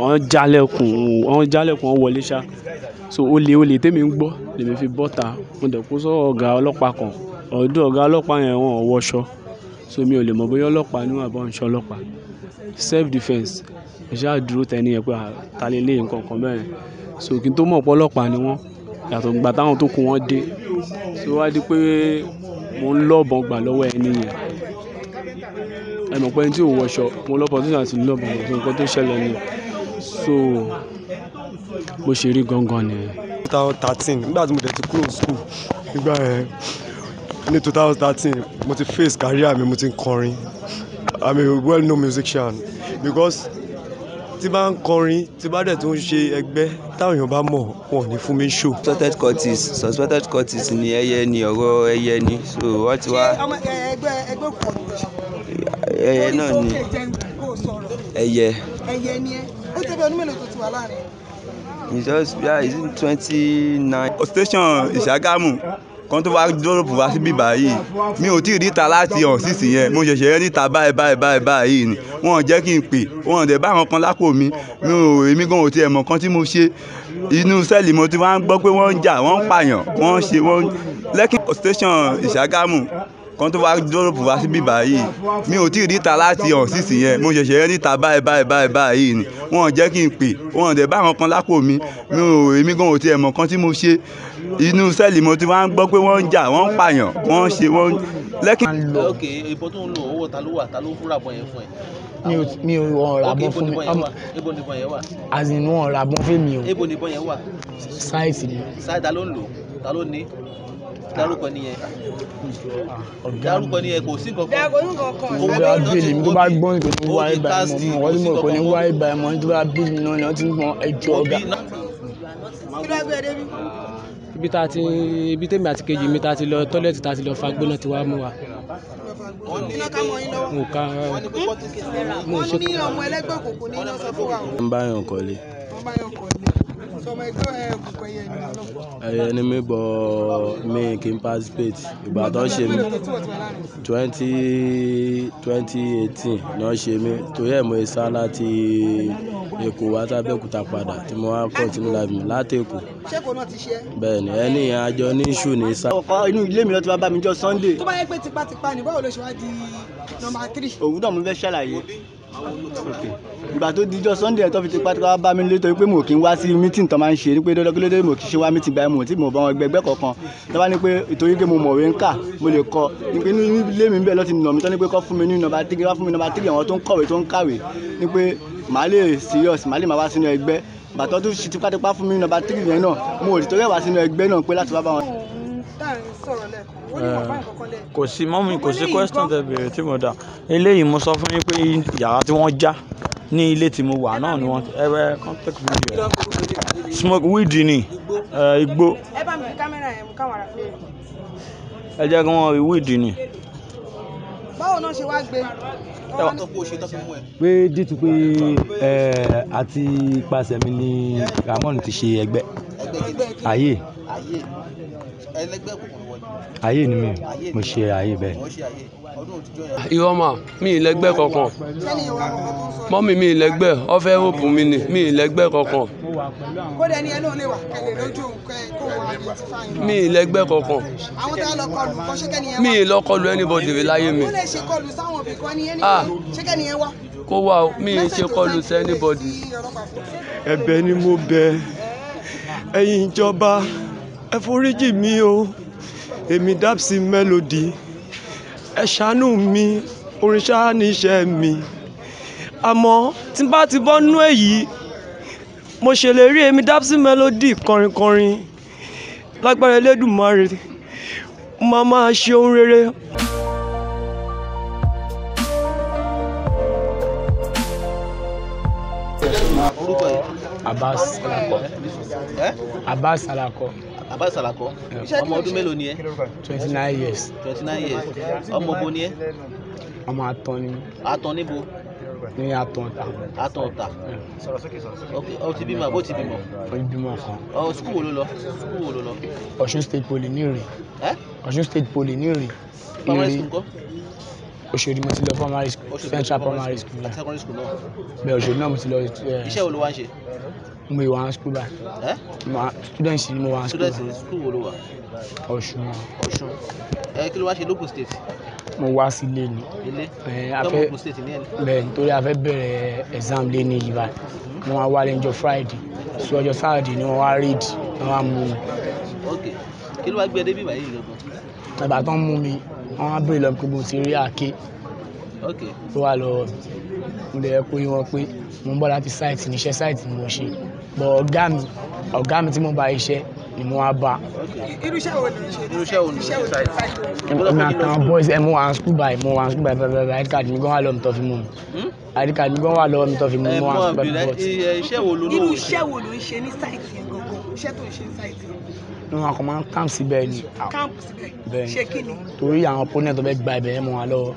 wọ́n jálẹ̀kùn wọ́n jálẹ̀kùn wọ́n wọlé ṣá so olè olè tèmi ń gbọ́ lèmi fi bọ́ta mo dẹ̀ kó sọ́wọ́ ọ̀gá ọlọ́pàá kan ọ̀dọ̀ ọ̀gá ọlọ́pàá yẹn wọn wọṣọ so mi ò lè mọ̀ bóyá ọlọ́pàá ni wọ́n àbá ń ṣe ọlọ́pàá self defence mo ṣáà dúró tẹni yẹn pé ta lè lé nǹkan kan bẹ́ẹ̀ so kí n tó mọ̀ pé ọlọ́pàá ni wọ́n yàtọ̀ gbà táwọn tó kù wọ́n dé so wá di pé mo ń lọ́bọ̀n gbà lọ́wọ́ ẹni yẹn ẹ mọ̀ pé ẹni tí ò wọṣọ mo lọ́pọ̀ tó yàn sí lọ́bọ̀n nǹkan tó ṣẹlẹ̀ ni so bó ṣe rí gangan nìyẹn. two thousand thirteen nígbà tí mo dẹ̀ ti kúrò school nígbà yẹn ní two thousand thirteen mo ti face career mi mo ti ń kọrin i'm a well known musician because tí bá ń kọrin tí bá dẹ̀ tó ń ṣe ẹgbẹ́ táwọn èèyàn bá mọ̀ wọn ò ní fún mi ṣò. suspected cultists suspected cultists ni ẹyẹ ni ọ̀rọ̀ ẹyẹ ni so wọ́n ti wá. ṣé ọmọ ẹgbẹ́ ẹgbẹ́ òkùnkùn. ẹyẹ náà ni ẹyẹ. ẹyẹ ni ẹ ó it's just yeah it's twenty nine. station ìṣàgámù kan tó wá dúró wá síbí báyìí mi ò tí ì ríta láti hàn sísìn yẹn mo ṣẹ̀ṣẹ̀ ríta báyìí báyìí báyìí báyìí ni wọn ò jẹ́ kí n pè wọn ò dẹ̀ bá àwọn kan lápò mi mi ò èmi gan ò tiẹ̀ mọ̀ kan tí mo ṣe inú sẹ́ẹ̀lì mo ti wá ń gbọ́ pé wọ́n ń jà wọ́n ń pààyàn wọ́n ṣe wọ́n lẹ́kìn station ìṣàgámù kan tó wá dúró wá síbí báyìí mi ò tí ì ríta láti hàn sísì yẹn mo ṣẹ̀ṣẹ̀ ríta báyìí báyìí báyìí báyìí ni wọn jẹ́ kí n pè wọn dẹ̀ bá àwọn kan lápò mi mi ò èmi gan ò tiẹ̀ mọ̀ kan tí mo ṣe inú sẹ́ẹ̀lì mo ti wá ń gbọ́ pé wọ́n ń jà wọ́n ń pààyàn wọ́n ń ṣe wọ́n lẹ́kìn. ok ìbọn tó ń lò owó ta ló wà ta ló fúnra bọ̀ yẹn fún ẹ mi ò wọn ra bọ́n fún mi ebo ni bọ́n yẹn wà as wọn ra bọ́n fún mi o ebo ni bọ́n yẹn wà sáìtì ni sáìtì ta ló ń lò ta ló ní dárúkọ nìyẹn dárúkọ nìyẹn kò sí kankan. ó bá bí mi tó bá gbọ́n ní kò ní wá ibà mọ́ mọ́ wọ́n ti mọ̀ kò ní wá ibà mọ́ tó bá bí mi náà ni wọ́n ti mọ ẹjọ́ ọ̀gá. ibi tá a ti ibi tèmi àti kejì mi tá a ti lọ tọ́lẹ̀tì tá a ti lọ fa gbóná ti wá mú wa mo ka hmm? mo ṣe. wọ́n ní ọmọ ẹlẹ́gbẹ́ òkùnkùn Eh, ẹyẹ ni mí bọ̀ mí kí n participate ìgbà tó ń ṣe mí twenty twenty eighteen náà ṣe mí torí ẹ̀ mo sá láti Èkó wá sábẹ́òkúta padà tí mo wá continue life mi láti Èkó. ṣé náà ti ṣe é. bẹ́ẹ̀ni ẹni ìyẹn àjọ ní ṣù ní sá. ọkọ inú ilé mi lọ ti wá bá mi jọ Sunday. tó bá yẹ pé tipátipá ni báwo ló ṣe wá di nọ́mbà three. òun náà fẹ́ ṣàlàyé ìgbà tó dijọ́ sunday ẹ̀ tó fi ti pátákó bá mi létò pé mo kì í wá sí mítìn tó máa ń ṣe ni pé dandan kí ló dé mo kì í ṣe wá mítìn báyìí mo tí mo bá wọn gbẹ ẹgbẹ́ kọ̀ọ̀kan tó bá ní pé ìtòrí pé mo mọ̀wé ń kà mo lè kọ ní pé ilé mi bẹ́ẹ̀ lọ́ọ́ ti nà mí tó ní pé kọ́ fún mi ní nọ́mbà tíkì wá fún mi nọ́mbà tíkì àwọn tó ń kọ̀wé tó ń kàwé ní pé màá lè serious màá lè máa wá sínú ẹgbẹ́ bàtọ́ tó ṣe tipátipá fún mi nọ́mbà tíkì yẹn náà mo ò kò sí mọ́mì kò sí question tẹ́ bèrè tí mo dà eléyìí mo sọ fún yín pé yàrá tí wọ́n já ní ilé tí mo wà náà ni wọ́n ẹ bẹ contact me smoke weed ni igbó ẹ jẹ́ kí wọ́n rí weed ni. báwo náà ṣe wá gbé pé dìtú pé àti ipasẹ̀ mi ni Ramon ti ṣe ẹgbẹ́ ayé ẹlẹgbẹ́ kòkòrò ayé ni mi mo ṣe ayé bẹ́ẹ̀. irọ́ mà mi ì lẹ́gbẹ́ kankan mọ́mí mi ì lẹ́gbẹ́ ọ̀fẹ́ hope mi ni mi ì lẹ́gbẹ́ kankan. kódà ni ẹnu ò lè wà kẹlẹ lójú mi ì lẹ́gbẹ́ kankan. àwọn tá a lọ kọlù kọ ṣẹkẹ nìyẹn wá. mi ì lọ kọlù anybody rí láyé mi. ó lè ṣe kọlù sáwọn òbí kan ní ẹni ah. ṣẹkẹ nìyẹn wá. kó wá o mi ì ṣe kọlù sí anybody. ẹ̀bẹ̀ ni mo bẹ̀ ẹ̀yin ìjọba ẹ foríjì mi o èmi Dapsy Melody ẹ ṣàánú mi orin ṣáá ní iṣẹ́ mi àmọ́ tí n bá ti bọ́nú èyí mo ṣèlérí èmi Dapsy Melody kọrinkọrin lágbára Elédùmarè máa máa ṣe ohun rere. Abas Alakọ. Abbas Alakọ. Abass Alakọ ọmọ ọdún mélòó ni ẹ. twenty nine years. twenty nine years ọmọ bo ni ẹ. ọmọ atọn ni. atọn níbo. ní atọn ọ̀tà. atọn ọ̀tà. ok ọ ti bímọ àbó ti bímọ. ó ti bímọ kan. ọ sukuu wo ló lọ sukuu wo ló lọ. Ọ̀ṣun state poly ní Ìrìn. Ọ̀ṣun state poly ní Ìrìn. primary school kọ́ òṣèlú mo ti lọ primary school central primary school náà bẹ́ẹ̀ òṣèlú náà mo ti lọ. Eh, iṣẹ́ wo ló wá ń ṣe mo yìí wà á school báyìí. ẹ students ni mo wà á school báyìí. students ni school wo ló wà. Ọ̀ṣun. Ọ̀ṣun ẹ kí ló wá ṣe lókun state. mo wá sí ilé ni. ilé tọ́mọ̀ lókun state nítorí a fẹ́ exam lé ní yìí báyìí mo wá wálé ọjọ́ friday sí ọjọ́ saturday ni wọ́n wá read wọ́n wá mú mi. ok kí ló wá gbé ẹ e débi báyìí gangan. bàbá tó ń mú mi wọ́n á bèrè lọ pé ti rí àáké tó wà lọ mo lè kó yín wọn pé mo ń bọ̀ láti site níṣẹ́ site ni mo ṣe bọ̀ ọ̀gá mi ọ̀gá mi tí mo bá iṣẹ́ ni mo wá bá. irúṣẹ́ wo ni ṣe irúṣẹ́ wo ni ṣe ṣe. èmi àtàwọn boys ẹ̀ mo wà school báyìí mo wà school báyìí báyìí báyìí id hmm? card mi gan wà lọ́wọ́ mi tọ́ fi mú mi id card mi gan wà lọ́wọ́ mi tọ́ fi mú mi mo wà school báyìí bọ́ọ̀tì. irú iṣẹ́ wo ló ń ṣe ní sáìtì yẹn gangan iṣẹ́ tó ń ṣe ní sáìtì yẹn ní wọn kò máa ń camp síbẹ̀ ni. camp síbẹ̀ bẹ́ẹ̀ ṣé kí ni. torí àwọn opponent ọbẹ̀ gba ibẹ̀ yẹn mọ́ wa lọ́wọ́.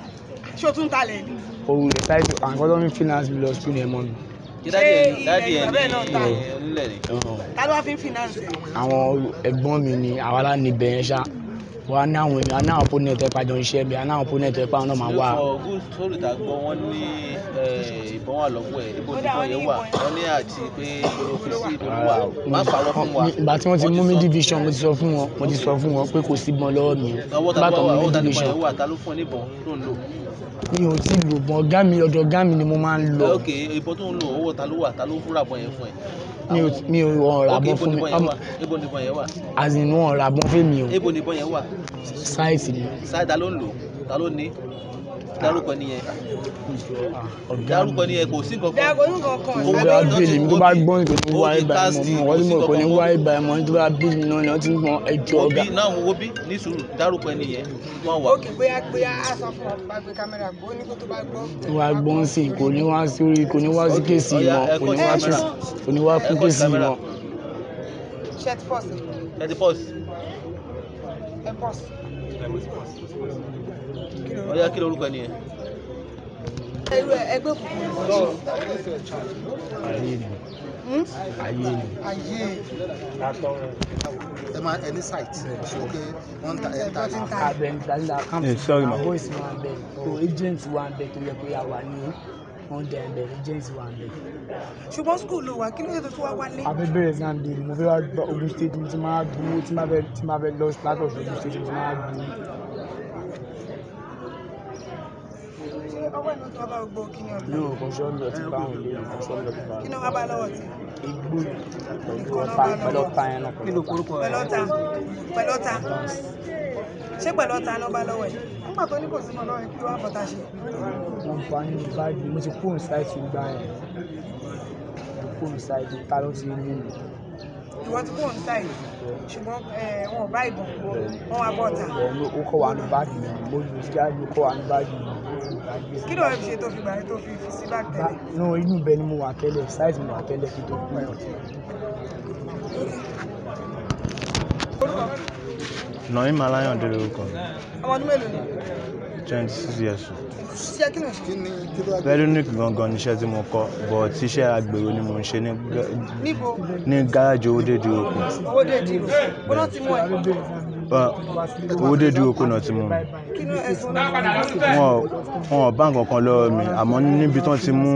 ṣé o tún talẹ̀ ni. òun lè ṣáìtì àwọn akọ́tọ́ mi finance bí lọ school yẹn mọ́ mi dádì ẹ ní nílẹ̀ ni. ta ló wá fi ń finance. àwọn ẹ̀gbọ́n mi ni àwa lá ní bẹ̀yẹn ṣá wa ní àwọn èmi àná àwọn opponent ẹ̀pà jọ ń ṣe ẹ̀mí àwọn opponent ẹ̀pà náà máa wà. good story ta gbọ́ wọ́n ní ìbọn wà lọ́wọ́ ẹ̀ níbo níbo yẹn wà wọ́n ní àti pé kòròfin ìbọn wà má parọ́ fún wa. ìgbà tí wọ́n ti mú mi division mo ti sọ fún wọn mo ti sọ fún wọn pé kò sí ìbọn lọ́wọ́ mi. ọwọ́ ta ló fún ọ ní ìbọn tó ń lò mi ò tí ì lò bọ́n ọ̀gá mi ọ̀dọ̀ ọ̀gá mi ni mo máa ń lọ. ok ìbọn tó ń lo owó ta ló wà ta ló fúnra bọ̀ yẹn fún ẹ. mi ò mi ò ọ̀rọ̀ àbọ̀ fún mi. ibo ni ìbọn yẹn wà. àzìnú ọ̀rọ̀ àbọ̀ fún mi o. ibo ni ìbọn yẹn wà. sáìtì ni. sáìtì ta ló ń lò ta ló ní dárúkọ nìyẹn dárúkọ nìyẹn kò sí nǹkan kan owó náà ti kó tó bá gbọ́n ìpè tó wáyé báyìí mọ́ wọ́n ti mọ̀ kò ní wáyé báyìí mọ́ tó bá bí mi náà ni wọ́n ti ń pọn ẹjọ́ ọ̀gá. òbí náà wo ní sùúrù dárúkọ nìyẹn wọ́n wà. òkè bóyá bóyá a fún ọba gbé kámẹ́rà gbó ní kó tó bá gbọ́. wà á gbọ́n sí kò ní wá sórí kò ní wá sí kò ní wá fún kéèsì mọ́ ọ̀yá kí lorúkọ ẹni yẹn. ẹgbẹ́ òkùnkùn. ayé ni hmm? ayé ni ẹ máa ẹni site ṣòkè wọn ta ẹ ta ta. abẹ n ta nílá kàmpù àwọn voice wa bẹ o agent wa bẹ tó yẹ pé a wà ní wọn dẹ ẹbẹ agent wa bẹ. ṣùgbọ́n school ló wà kí ló yẹ tó tó wá wálé. a fẹ́ bẹ̀rẹ̀ exam day mo fẹ́ wá gba Ogun State mo ti máa tí máa fẹ́ lọ láti ọ̀ṣun Ogun State mo ti máa ọwọ́ ìlú tó bá gbó kí ni ọ̀la. yóò kún sọ́ọ́ lọ ti bá àwọn olóyè kún sọ́ọ́ lọ ti bá. kí ni wọ́n bá lọ́wọ́ tí. igbó pẹ̀lú ọta pẹ̀lú ọta yẹn náà. kí ló korúkọ rẹ. pẹ̀lú ọta pẹ̀lú ọta ṣé pẹ̀lú ọta náà bá lọ́wọ́ ẹ̀ nígbà tó ní kò sí mọ́ lọ́wọ́ ẹ̀ kí wọ́n á fọ́ta ṣe. mo bá ní báyìí mo ti kóhùn ṣáìtì gbá yẹn kóhùn ṣáìtì ta ló ti ní mi. ìwọ ti kóhùn ṣáìtì ṣùgbọ́n wọn ò bá ìbọn wọn wá bọ́ọ̀ta. ó kọ́ wa ní báàgì mi mo lù ú jáde kọ́ wa ní báàgì mi kí ló ṣe tó fi bàrẹ tó fi fi sí bá tẹ́lẹ̀. no inú ibẹ̀ ni mo wà tẹ́lẹ̀ size mo wà tẹ́lẹ̀ kí tó kú ẹ ọtí. nọ̀yìn malayan dèrè orúkọ mi. ọmọ ọdún mélòó ni. twenty six years old. ṣé kí ló ṣe ní kí ló. veronic gangan níṣẹ́ tí mo kọ́ but iṣẹ́ agbèrò ni mo ń ṣe ní. gáràjì owódé dìrò kù. owódé dìrò kù. bọ́dọ̀ ti mú ẹ owó dé dúró kó náà ti mú mi. Wọn ò bá nǹkan kan lọ́wọ́ mi àmọ́ níbi tán ti mú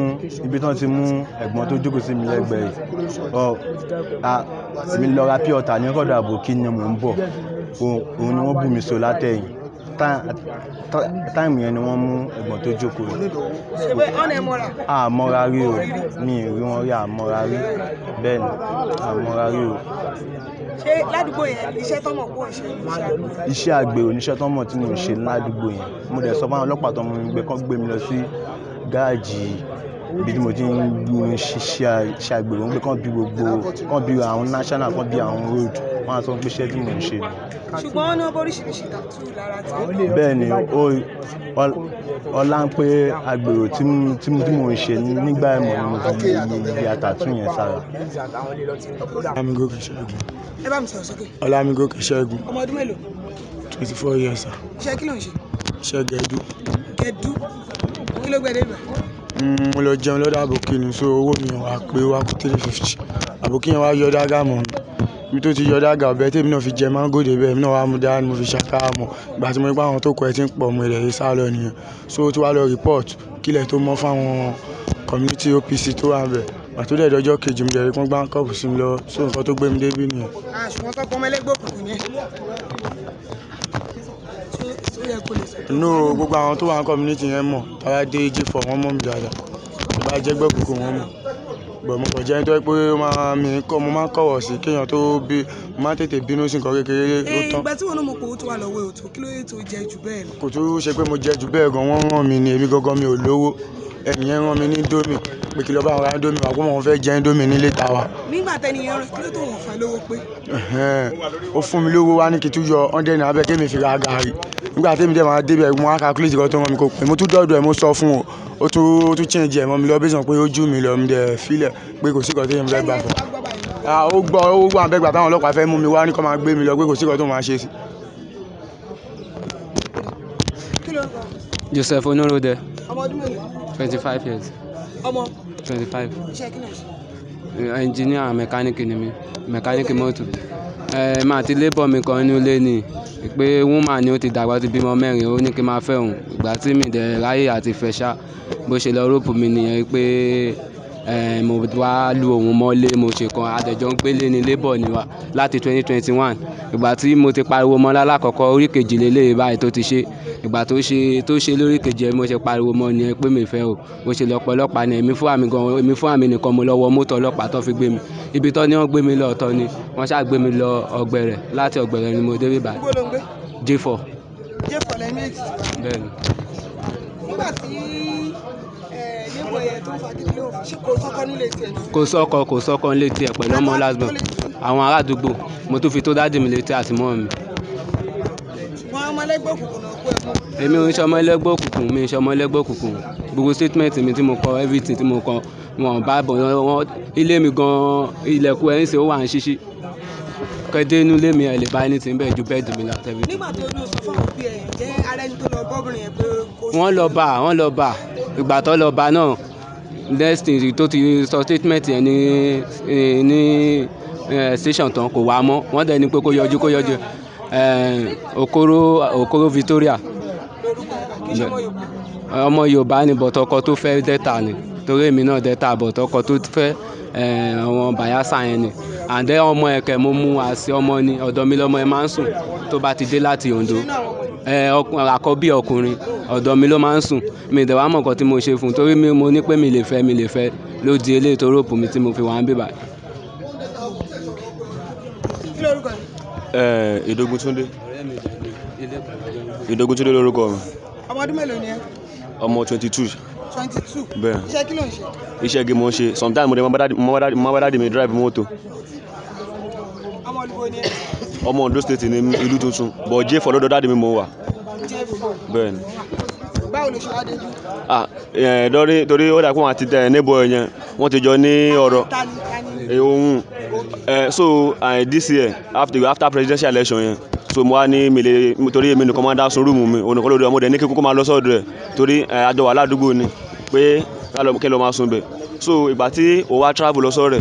ibi tán ti mú ẹ̀gbọ́n tó jókòó sí mi lẹ́gbẹ̀ẹ́ yìí. Èmi lọ ra pure water ní ọ̀dọ̀ àbòkí ni mò ń bọ̀. Òun ni wọ́n bù mí so látẹ̀yìn táìmù yẹn ni wọ́n mú ẹ̀gbọ́n tó jókòó rẹ̀. àmọ́ra rí o mi ì rí wọn rí àmọ́ra rí bẹ́ẹ̀ ni àmọ́ra rí o. ṣé ládùúgbò yẹn iṣẹ́ tọ́mọ̀ kò ń ṣe iṣẹ́? iṣẹ́ àgbèrò níṣẹ́ tí mo ṣe ládùúgbò yẹn mo dẹ̀ sọ fún àwọn ọlọ́pàá tó mú mi gbé kán gbé mi lọ sí gáàjì ibi tí mo ti ń ṣe àgbèrè ń pé kán bí gbogbo kán bí àwọn national kán bí àwọn road wọn á sọ pé iṣẹ́ tí mò ń ṣe ṣùgbọ́n wọn náà bóríṣiríṣi tàtú lára tí. bẹ́ẹ̀ ni ọlá ń pé àgbèrò tí mò ń ṣe nígbà ẹ̀mọ́ ni mo fi ibi àtàtú yẹn sára. ọlámigòkè ṣẹ́gun. ẹ bá mi sọ̀rọ̀ sókè. ọlámigòkè ṣẹ́gun. ọmọ ọdún mélòó. twenty four years. iṣẹ́ kí ló ń ṣe. iṣẹ́ gẹ̀ẹ́dú. gẹ̀ẹ́dú kí ló gbẹ̀dẹ̀ bẹ̀. Mm, mo lọ jẹun lọ́dọ̀ Aboki so owó mi ò wá pé wá kú three fifty. Aboki yẹn wá yọ dagger mọ́ mi. tó ti yọ dagger, ọ̀bẹ tí náà fi jẹ mango dé bẹ́ẹ̀, náà wá mú dání mo fi ṣàkàrà mọ̀. Ìgbà tí mo rí pé àwọn tó ku ẹ ti ń pọ̀, mo dẹ̀ sáré sálọ nìyẹn. So ó tún wá lọ report kí tó mọ́ fún community OPC tó wà níbẹ̀. Ìgbà tó dẹ̀ dọjọ́ kejì, mo dẹ̀ rí pé gbá handcuff sí mi lọ́wọ́. So nǹkan tó gbé mi dé nìyẹn. Àṣùwọ̀n ah, tó pọ́n ọmọ ẹlẹ́gbẹ́ No, gbogbo àwọn tó wà ní community yẹn mọ̀. Tí a bá dé G4 wọ́n mọ̀ mi dáadáa. Tí bá jẹ́ ẹgbẹ́ òkùnkùn wọ́n mọ̀. But mo kàn jẹ́ ẹni tó jẹ́ pé ó máa mi kọ́, mo máa ń kọ̀wọ̀ sí kí èèyàn tó bí, mo máa ń tètè bínú sí nǹkan kékeré ó eh, tán. Ìgbà tí wọ́n náà mọ̀ pé owó tó wà lọ́wọ́ ẹ ò tó, kí ló dé tó jẹ ju bẹ́ẹ̀ lọ? Kò tún ṣe pé mo jẹ ju bẹ́ẹ̀ gan, wọ́n rán mi ni, èmi gangan mi ò lówó ẹnìyẹn rán mi ní indomie pé kí ló bá wọn ra indomie wá kó wọn fẹ́ jẹ indomie nílé ta wa. nígbà tẹnìyẹn rẹ kí ló tó wọn fẹ́ lówó pé. ó fún mi lówó wá ní kí tún yọ hundred naira bẹ́ẹ̀ kémi fi ra gààrí nígbà tẹ́mi dẹ̀ máa débẹ̀ mo á calculate kan tó rán mi kó pé mo tún dọ́dọ̀ ẹ̀ mo sọ fún o ó tún ó tún change ẹ̀ mọ́ mi lọ bí sàn pé ó jú mi lọ mi dẹ̀ filẹ̀ pé kò sí kan tó yẹ mi fẹ́ gbà fún. Ah, ó gbọ́ ó wà bẹ́ẹ̀ gbà táwọn ọlọ́pàá fẹ́ mú mi wá ní kó Joseph Onorode. ọmọ ọdún mélòó. twenty five years. twenty five. Uh, engineer mechanic, ni mí mẹkáníìkì mọ́tò ẹ̀ẹ́mà àti labour mi kan nínú ilé ni pé woman ni ó ti dàgbà ti bímọ mẹ́rin ó ní kí n máa fẹ́ òun ìgbà tí mi dẹ̀ ráyè àti fẹ́ ṣá bó ṣe lọ rọ́ọ̀pù mi nìyẹn pé mo wá lu òun mọ́lé mo ṣe kan adẹ̀jọ́ ń gbélé ní labour ni wa láti twenty twenty one ìgbà tí mo ti pariwo mọ́ lálákọ̀ọ́kọ́ orí kejì lélẹ́yìí báyìí tó ti ṣe ìgbà tó ṣe tó ṣe lórí kejì ẹ mo ṣe pariwo mọ́ ni ẹ pé mi fẹ́ o mo ṣe lọ pọ̀ ọlọ́pàá ni èmi fún àmì gan èmi fún àmì nìkan mo lọ wọ mọ́tò ọlọ́pàá tó fi gbé mi ibi tó ní wọ́n gbé mi lọ ọ̀tọ̀ ni wọ́n ṣáà gbé mi lọ ọgbẹ̀rẹ̀ láti ọgbẹ̀rẹ̀ ni mo débí báyìí j4. j4 lẹ́yìn méjì. bẹ́ẹ̀ni. nígbà tí kò sọ́kọ kò sọ́kọ nílé tiẹ̀ pẹ̀lú ọmọ lásìbọn àwọn ará àdúgbò mo tún fi tó dáàdì mi létí àti mọ́ mi. èmi ò ń ṣe ọmọ ẹlẹ́gbẹ́ òkùnkùn mi ń ṣe ọmọ ẹlẹ́gbẹ́ òkùnkùn gbogbo statement mi tí mo kọ everything tí mo kọ wọn bá bọ̀ wọn ilé mi gan-an ilẹ̀kùn ẹ̀ ń ṣe ó wà ń ṣíṣí kẹ́dé inú ilé mi ẹ̀ lè bá ẹni tí ń bẹ̀ ju bẹ́ẹ̀dì mi látẹ̀bí. nígbà tó ní oṣù fún àwọn òbí ẹ̀ jẹ́ ara ẹni tó lọ bọ́ọ̀bù rìn ẹ̀ pé kò sí. wọ́n lọ bá wọ́n lọ bá ìgbà tó lọ bá náà destiny tó ti sọ statement yẹn ní ní station tán kò wá mọ́ wọ́n dẹ̀ ní pé kó yọjú kó yọjú okoro okoro victoria ọmọ yorùbá ni bọ̀tọ̀kọ tó fẹ́ dẹ́ta ni torí èmi náà dẹ́ta bọ̀tọ̀kọ tó fẹ́ àwọn bayelsa yẹn ni àǹdẹ́ ọmọ ẹ̀kẹ́ mo mú àṣẹ ọmọ ni ọ̀dọ̀ mi lọ́mọ ẹ máa ń sùn tó bá ti dé láti Ondo ẹ àkọ́bí ọkùnrin ọ̀dọ̀ mi ló máa ń sùn mi ìdẹ̀ wàá mọ̀ nǹkan tí mo ṣe fún un torí mo ní pé mi lè fẹ́ mi lè fẹ́ ló di eléyìí tó ròpù mi tí mo fi wà ń bíbà. ìdógún túndé ìdógún lórúkọ mi ọmọ ọdún mélòó ni ẹ. ọmọ twenty two twenty two. bẹ́ẹ̀ iṣẹ́ kí ló ń ṣe. iṣẹ́ gé mo ń ṣe sometimes mo dey mo bá dáàdì mi drive moto. ọmọ olùkọ́ ni ẹ. ọmọ Ondo state ní ìlú tuntun but jẹ́ fọlọ́dọ̀ dáàdì mi mo wà. jẹ́ ni báwo ló ṣe dé. Ah, torí ó dàpọ̀ àti eh, neighbor yẹn wọ́n ti jọ ní ọ̀rọ̀ eh, ohun eh, so this year after after presidential election yẹn so mo wá ní mele torí èmi nìkan máa dá sun rúùmù mi òun nìkan lórí ọmọdé ní kíkó máa lọ sọ́dọ̀ ẹ̀ torí àjọ wà ládùúgbò ni pé kí ló máa sun bẹ̀ so ìgbà tí òun wá travel lọ sọ́dọ̀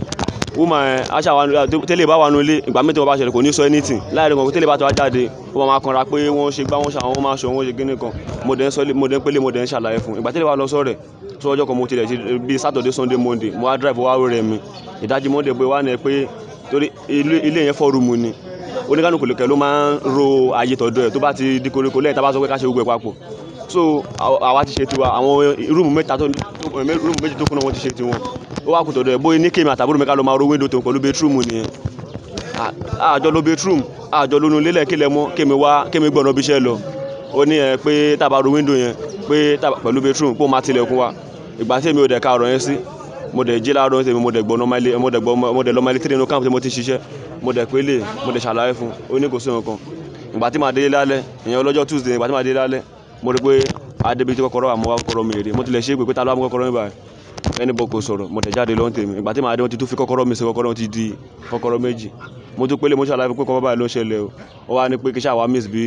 woman ẹ̀ á ṣàwọn tẹ́lẹ̀ bá wà nù ilé ìgbà mẹ́tẹ́ wọn bá ṣẹlẹ̀ kò ní sọ anything láàrin kan tẹ́lẹ̀ bá tó wá jáde wọ́n máa kanra pé wọ́n ṣe gbá wọ́n ṣe àwọn máa ṣe wọ́n ṣe gíní kan mo dẹ̀ ń pélé mo dẹ̀ ń ṣàlàyé fún ìgbà tẹ́lẹ̀ bá lọ sọ̀rẹ̀ sọ ọjọ́ kan mo tilẹ̀ ṣe bíi Saturday Sunday Monday mo wá drive wá rẹ̀ mi ìdájí Monday bóyá wà ní ẹ pé torí ilé yẹn fọ́ rúmu ni oníkanukù lókè ló máa ń ro ayé tọ̀dọ̀ ẹ̀ tó bá ti di koríko lẹ́yìn tá a bá sọ pé ká ṣe gbogbo ẹ̀ papọ̀ so àwa ti ṣe tiwa àwọn rúùmù mẹ́ta tó rúùmù méjì tó kún náà ti ṣe tiwọn ó wá kù tọ̀dọ̀ ẹ̀ bóyá ní kémi mi ká lọ máa ro window tó pẹ̀lú bedroom nìyẹn àjọ lo bedroom àjọ lónú lélẹ̀ kílẹ̀ mọ́ kémi wá kémi gbọ̀nà bí iṣẹ́ lọ ó ní ẹ pé tábà ro window pe pé pẹ̀lú bedroom kó máa tilẹ̀kùn wa ìgbà tí èmi ò dẹ̀ ka ọ̀rọ̀ yẹn sí mo dẹ̀ jí láàárọ̀ ní tèmi mo dẹ̀ gbọ́ mo dẹ̀ gbọ́ mo dẹ̀ lọ máa lé tírínú káàmù tí mo ti ṣiṣẹ́ mo dẹ̀ pé lè mo dẹ̀ ṣàlàyé fún un ó ní kò sí nǹkan ìgbà tí màá délé lálẹ́ ìyẹn ọlọ́jọ́ Tuesday ìgbà tí màá délé lálẹ́ mo rí pé adébíyí tí kọ́kọ́rọ́ àmọ́ kọ́kọ́rọ́ mi rè mo tilẹ̀ ṣe é pé pé ta ló wà mú kọ́kọ́rọ́ mi báyìí ẹni bọ̀ kò sọ̀rọ̀ mo tẹ̀ jáde lọ́n tèmi ìgbà tí màá dé wọn ti tún fi kọ́kọ́rọ́ mi sí kọ́kọ́rọ́ wọn ti di kọ́kọ́rọ́ méjì mo tún pélé mo ṣàlàyé pé kọ́kọ́ báyìí ló ṣẹlẹ̀ o ó wá ní pé kí ṣàwá miss bí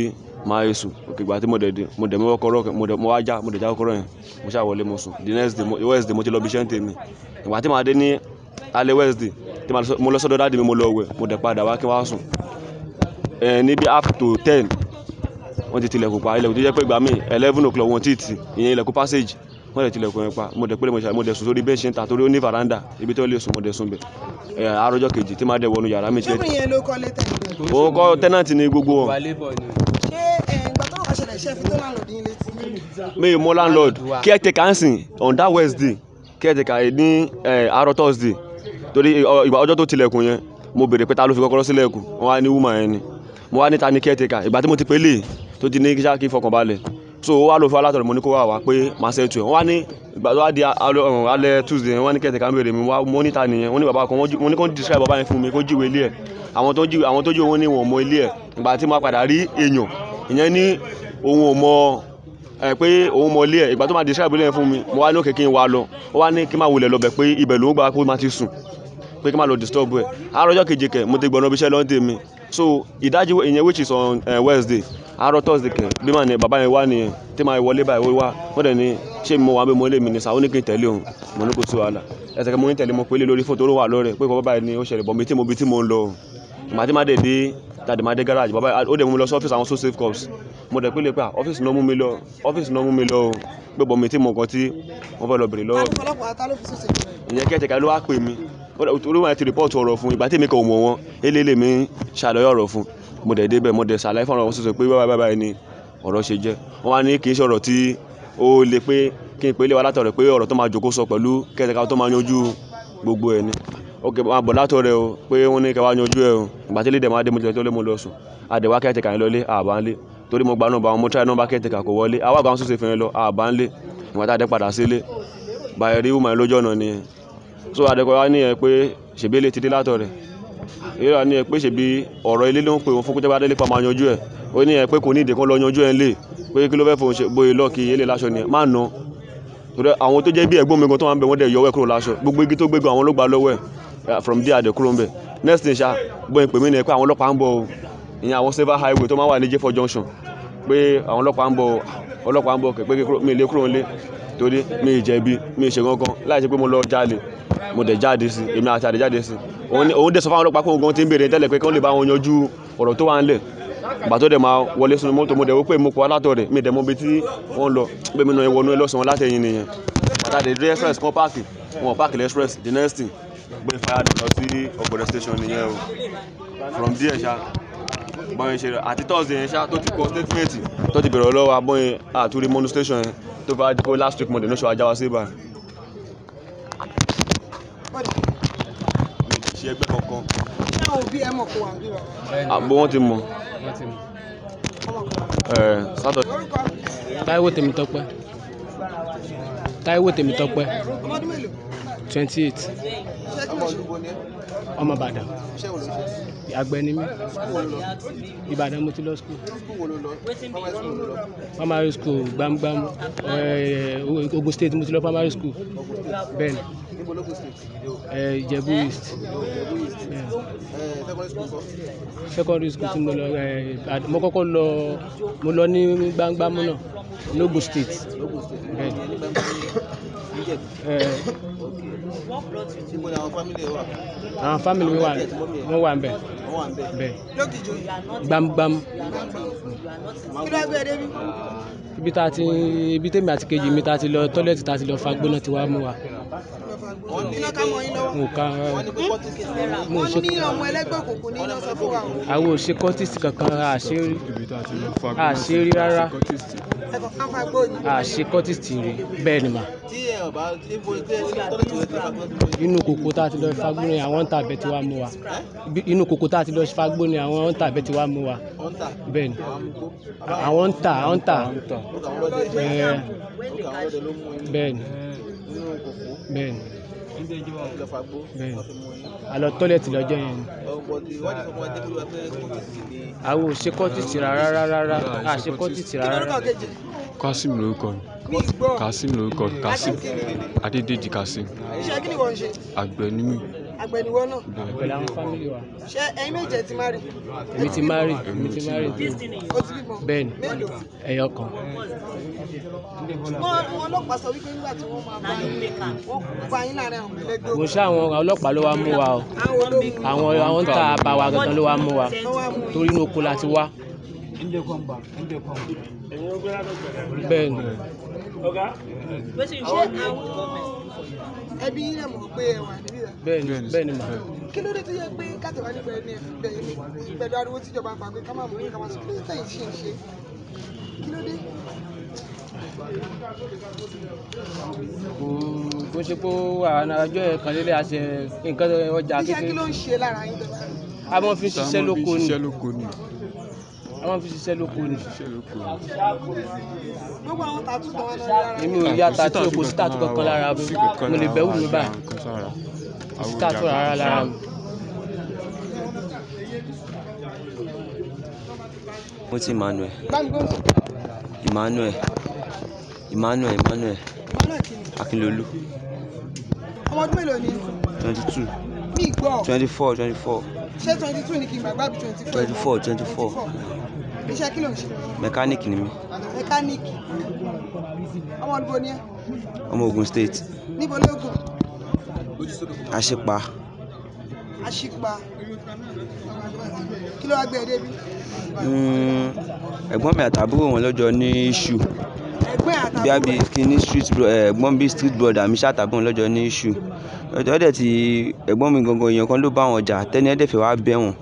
máa yẹ sùn òkè ìgbà tí mo dẹ̀ dé mo dẹ̀ mọ́ kọ́kọ́rọ́ mo wá já mo dẹ̀ já kọ́kọ́rọ́ yẹn mo ṣàwọlé mo sùn the next day wednesday mo ti lọ bí iṣẹ́ ń tèmi ìgbà tí màá dé ní alẹ́ wednesday tí mo lọ sọ́dọ̀ dáàdì mi mo lọ wẹ̀ mo dẹ̀ padà wá kí wá sùn níbi up to ten wọ́n ti tilẹ̀kùn pa ilẹ̀kùn tó jẹ́ passage wọ́n dẹ̀ tilẹ̀kùn yẹn pa mo dẹ̀ pélé mo dẹ̀ sùn sórí bẹ́ẹ̀ ṣe ń ta torí ó ní varanda ibi tó lè sùn mo dẹ̀ sùn bẹ̀ ẹ̀ àròjọ kejì tí máa dẹ̀ wọnú yàrá mi. ṣé ìyẹn ló kọ́ létẹ̀? ó kọ́ tẹ́nàntì ni gbogbo wọn. ṣé ẹ̀ ń gbàtọ́ àṣẹlẹ̀ ṣẹ́ fi tó láńlọ́ọ̀dù yín létí? mi ò mọ láńlọ́ọ̀dù kí ẹ ń sìn on that Wednesday kí ní àárọ̀ Thursday torí ìgbà ọjọ́ tó tilẹ̀kùn yẹn mo béèrè pé ta ló fi kọ́kọ́rọ́ sílẹ̀kùn wọn á ní woman yẹn ni mo wá níta ní kí ìgbà tí mo ti pélé tó ti ní kí sáà kí fọkàn balẹ̀ so wá ló fa látọ̀rọ̀ mo ní kó wá wá pé màá ṣe tu ẹ̀ wọ́n wá ní ìgbà tó wá di um, alẹ́ tuesday wọ́n ní kẹ́tẹ̀ ká ń bèrè mi wá mo nìyẹn wọ́n ní bàbá kan mo ní kó describe bàbá yẹn fún mi kó jíwe ilé ẹ̀ àwọn tó jíwe àwọn tó jíwe wọn ní wọn mọ ilé ẹ̀ ìgbà tí mo padà rí èèyàn ìyẹn ní òun ò mọ ẹ pé òun mọ ilé ẹ̀ ìgbà tó máa describe ilé yẹn fún mi mo wá ní òkè kí n wá lọ ó wá ní kí n máa wulẹ̀ lọ bẹ̀ pé ibẹ̀ ló ń gbà pé ó máa ti sùn pé kí n máa lọ disturb ẹ̀ àárọ̀ ọjọ́ kejì kẹ̀ mo ti gbọ̀nà ibi iṣẹ́ lọ́ńtẹ̀ mi so ìdájí ìyẹn which is on uh, Wednesday àárọ̀ Thursday kan bí màá ní bàbá yẹn wá nìyẹn tí màá wọlé báyìí wá wọ́n dẹ̀ ní ṣé mo wà bẹ́ẹ̀ mo lé mi ní sa ó ní kí n tẹ̀lé òun mo ní kò sí wàhálà ẹsẹ̀ kí mo ní tẹ̀lé mo pélé lórí fóònù tó wà lọ́rẹ̀ pé bàbá yẹn ni ó ṣẹlẹ̀ bọ̀ mi tí mo bi tí mo ń lọ màá tí màá dẹ̀ dé tàdé màá dé garage bàbá ó dẹ̀ mú mi lọ sí ọ́fíìsì àwọn so safe cops mo dẹ̀ pélé pé ọ́fíìsì náà mú mi lọ ọ́fíìsì náà mú mi lọ pé bọ̀ mi tí mo kàn tí olúwa ti report ọ̀rọ̀ fún ìgbà tèmi kan ò mọ̀ wọn eléle mi ń ṣàlàyé ọ̀rọ̀ fún mo dẹ̀ débẹ̀ mo dẹ̀ ṣàlàyé fún ọ̀rọ̀ wọn sọ pé báyìí báyìí ni ọ̀rọ̀ ṣe jẹ́ wọ́n wá ní kì í ṣọ̀rọ̀ tí ó le pé kí n pè é lé wa látọ̀rẹ̀ pé ọ̀rọ̀ tó máa jòkó sọ pẹ̀lú kẹ́tẹ́ka tó máa yanjú gbogbo ẹ̀ ni ok máa bọ̀ látọ̀ rẹ o pé wọ́n ní kẹwàá yanjú ẹ o ìgbà tí lédè máa dé mo tilẹ̀ tó lé mo lọ sùn àdèwà kẹ́tẹ́ka yẹn lọlé àbá ń lé torí mo gba nọ́mbà mo tíráì nọ́mbà kẹ́tẹ́ka kò wọlé àwa gba wọn sún ṣe fẹ́ lọ àbá ń lé ìgbà tá a dé padà sílé bàyẹ̀rí wùmọ̀ lójú ọ̀nà ni so adẹ́kọ̀ọ́ wa ní ẹ pé ṣèbí ilé ti dé látọ̀ rẹ̀ èyí ní ẹ pé ṣèbí ọ̀rọ̀ ilé ló ń pè wọ́n fún kó jábá délé pa máa yanjú ẹ̀ ó ní ẹ pé kò ní ìdí kan lọ yanjú ẹ̀ lé pé kí ló fẹ́ fòun ṣe bóyá lọ́ọ̀kì ilé láṣọ ni má nà torí àwọn tó jẹ́ bí ẹ̀gbọ́n mi gan tó máa ń bẹ̀ wọ́n dẹ̀ yọwọ́ ẹ̀ kúrò láṣọ gbogbo igi tó gbégan àwọn ló gba lọ́wọ́ ẹ̀ from there àdẹ̀ kúrò ń bẹ̀ next thing ṣá bóyá pè mí ni pé àwọn ọlọ́pàá ń bọ̀ ìyẹn àwọn silver highway tó máa wà ní jẹ́fọ́ junction pé àwọn ọlọ́pàá ń bọ̀ ọlọ́pàá ń bọ̀ kẹ̀ pé mi lè kúrò nílé torí mi ì jẹ̀bi mi ì ṣe kankan láì pé mo lọ jalè mo dẹ̀ jáde sí èmi àti àdé jáde sí òun dẹ̀ sọ fáwọn ọlọ́pàá pé òun gan ti ń béèrè tẹ́lẹ̀ pé kí wọ́n lè bá wọn yanjú ọ̀rọ̀ tó wà ń lẹ̀ gbà tó dẹ̀ máa wọlé sínú mọ́tò mo dẹ̀ wó pé mo kọ́ alátọ̀ rẹ̀ mi dẹ̀ mọ́ bi tí wọ́n lọ pé mi náà wọnú ẹ wọn páàkì express the next thing gbé fire lọ sí ọgbọ̀dọ̀ station nìyẹn o from there ṣáà bọ́yìn ṣe rẹ̀ àti thursday yẹn ṣá tó ti kọ statement tó ti bẹ̀rẹ̀ lọ́wọ́ abọ́yìn àtúrí mono station yẹn tó bá dé kó last week monday lóṣù ajáwa sí ibà. mi ti ṣe ẹgbẹ́ kankan. táwọn òbí ẹ mọ̀ kó wà níbí àbó wọn ti mọ̀. táíwò tèmítọ́pẹ́ táíwò tèmítọ́pẹ́ twenty eight ọmọ ìbàdàn àgbẹ̀ ni mí Ìbàdàn mo ti lọ school primary school gbamgbam eh, Ogun State mo ti lọ primary school bẹ́ẹ̀ ni eh, Ìjẹ̀bú East secondary school tí mo lọ eh, mo kọ́kọ́ lọ mo lọ ní gbamgbam náà ní State bẹ́ẹ̀ àwọn fámìlì wa mo wà ń bẹ̀ bẹ́ẹ̀ lókìjọ gbamgbam kí ló gbé débi. ibi tá a ti ibi tèmi àti kejì mi tá a ti lọ tọ́lẹ̀tì tá a ti lọ fa gbóná ti wá mú wa. mo ká mo ṣe. àwọn ò kọ́tìsì kankan àṣírí àṣírí rárá àṣe kọ́tìsì rè bẹ́ẹ̀ ni mà. inú kòkó tá ti lọ fagbórin àwọn ń ta abẹ tí wàá mú wa inú kòkó tá tá a ti lọ fagbó ni àwọn ọ̀ǹtà bẹ́ẹ̀ ti wá mú wa bẹ́ẹ̀ ni àwọn ọ̀ǹtà ọ̀ǹtà bẹ́ẹ̀ ni bẹ́ẹ̀ ni bẹ́ẹ̀ alọ tọ́lẹ̀tì lọ́jọ́ yẹn ni. àwọn òṣè kọ́tìtì rárá rárá àṣè kọ́tìtì rárá. Kasim lórúkọ mi Kasim lórúkọ Kasim Adédèjì Kasim àgbẹ̀ ni mí àgbẹ̀niwọ́ náà. pẹ̀lú àwọn fámìlì wa. ṣé ẹ̀yin méje ti má rí. èmi ti má rí èmi ti má rí. o ti bímọ bẹ́ẹ̀ni ẹyọ kan. ṣùgbọ́n àwọn ọlọ́pàá sọ wípé nígbà tí wọ́n máa bá yín wọ́n bá yín láàrin àwọn ẹlẹ́gbẹ́. mo ṣe àwọn ọlọ́pàá ló wá mú wa o àwọn àwọn tá a bá wa gangan ló wá mú wa torí inú oko la ti wá. bẹ́ẹ̀ni. ẹbí yín náà mọ̀ pé ẹ wà níbí bẹ́ẹ̀ni bẹ́ẹ̀ni ma. kí ló dé tó yẹ pé kátàwá ní bẹ̀rẹ̀ ní bẹ̀rẹ̀ ní pẹ̀lú ariwo tíjọba gbà pé ká máa mú yín ká máa sọ kí ló dé tẹ̀yìn ṣe ń ṣe kí ló dé. kò ṣe pé àwọn àjọ ẹ̀ kan lélẹ̀ àṣẹ nǹkan ọjà kékeré. iṣẹ́ kí ló ń ṣe lára yín tó bá yẹ. a máa fi ṣiṣẹ́ lóko ni àwọn fi ṣiṣẹ́ lóko ni. gbogbo àwọn tàtú kan wà lára. èmi ò yá tàtú kò sí tàtú kankan lára mi mo lè bẹ́wù mi báyìí ìsìká tó rárá lára mi. mo ti emmanuel emmanuel emmanuel emmanuel akínlolú. ọmọ ọdún mélòó ni. twenty two. mi gbọ́. twenty four twenty four. ṣé twenty two ni kí n gbàgbá bí twenty four. twenty four twenty four. iṣẹ́ kí ló ń ṣe. mẹkáníìkì ni mí. mẹkáníìkì ọmọ ọdún wo ni ẹ. ọmọ Ògùn state. níbo lóògùn. Aṣípa. Aṣípa. Kí ló wá gbé ẹ débi? Hmm, ẹ̀gbọ́n mi àtàbúrò wọn ló jọ ní issue. Ẹ̀gbọ́n àtàbúrò. Bóyá bí kí ní street eh, ẹ̀gbọ́n bí street brother mi ṣàtàbúrò wọn ló jọ ní issue. Ó dẹ̀ ti ẹ̀gbọ́n mi gangan èèyàn kan ló bá wọn jà, tẹ́ni ẹ̀ wá bẹ̀ wọ́n.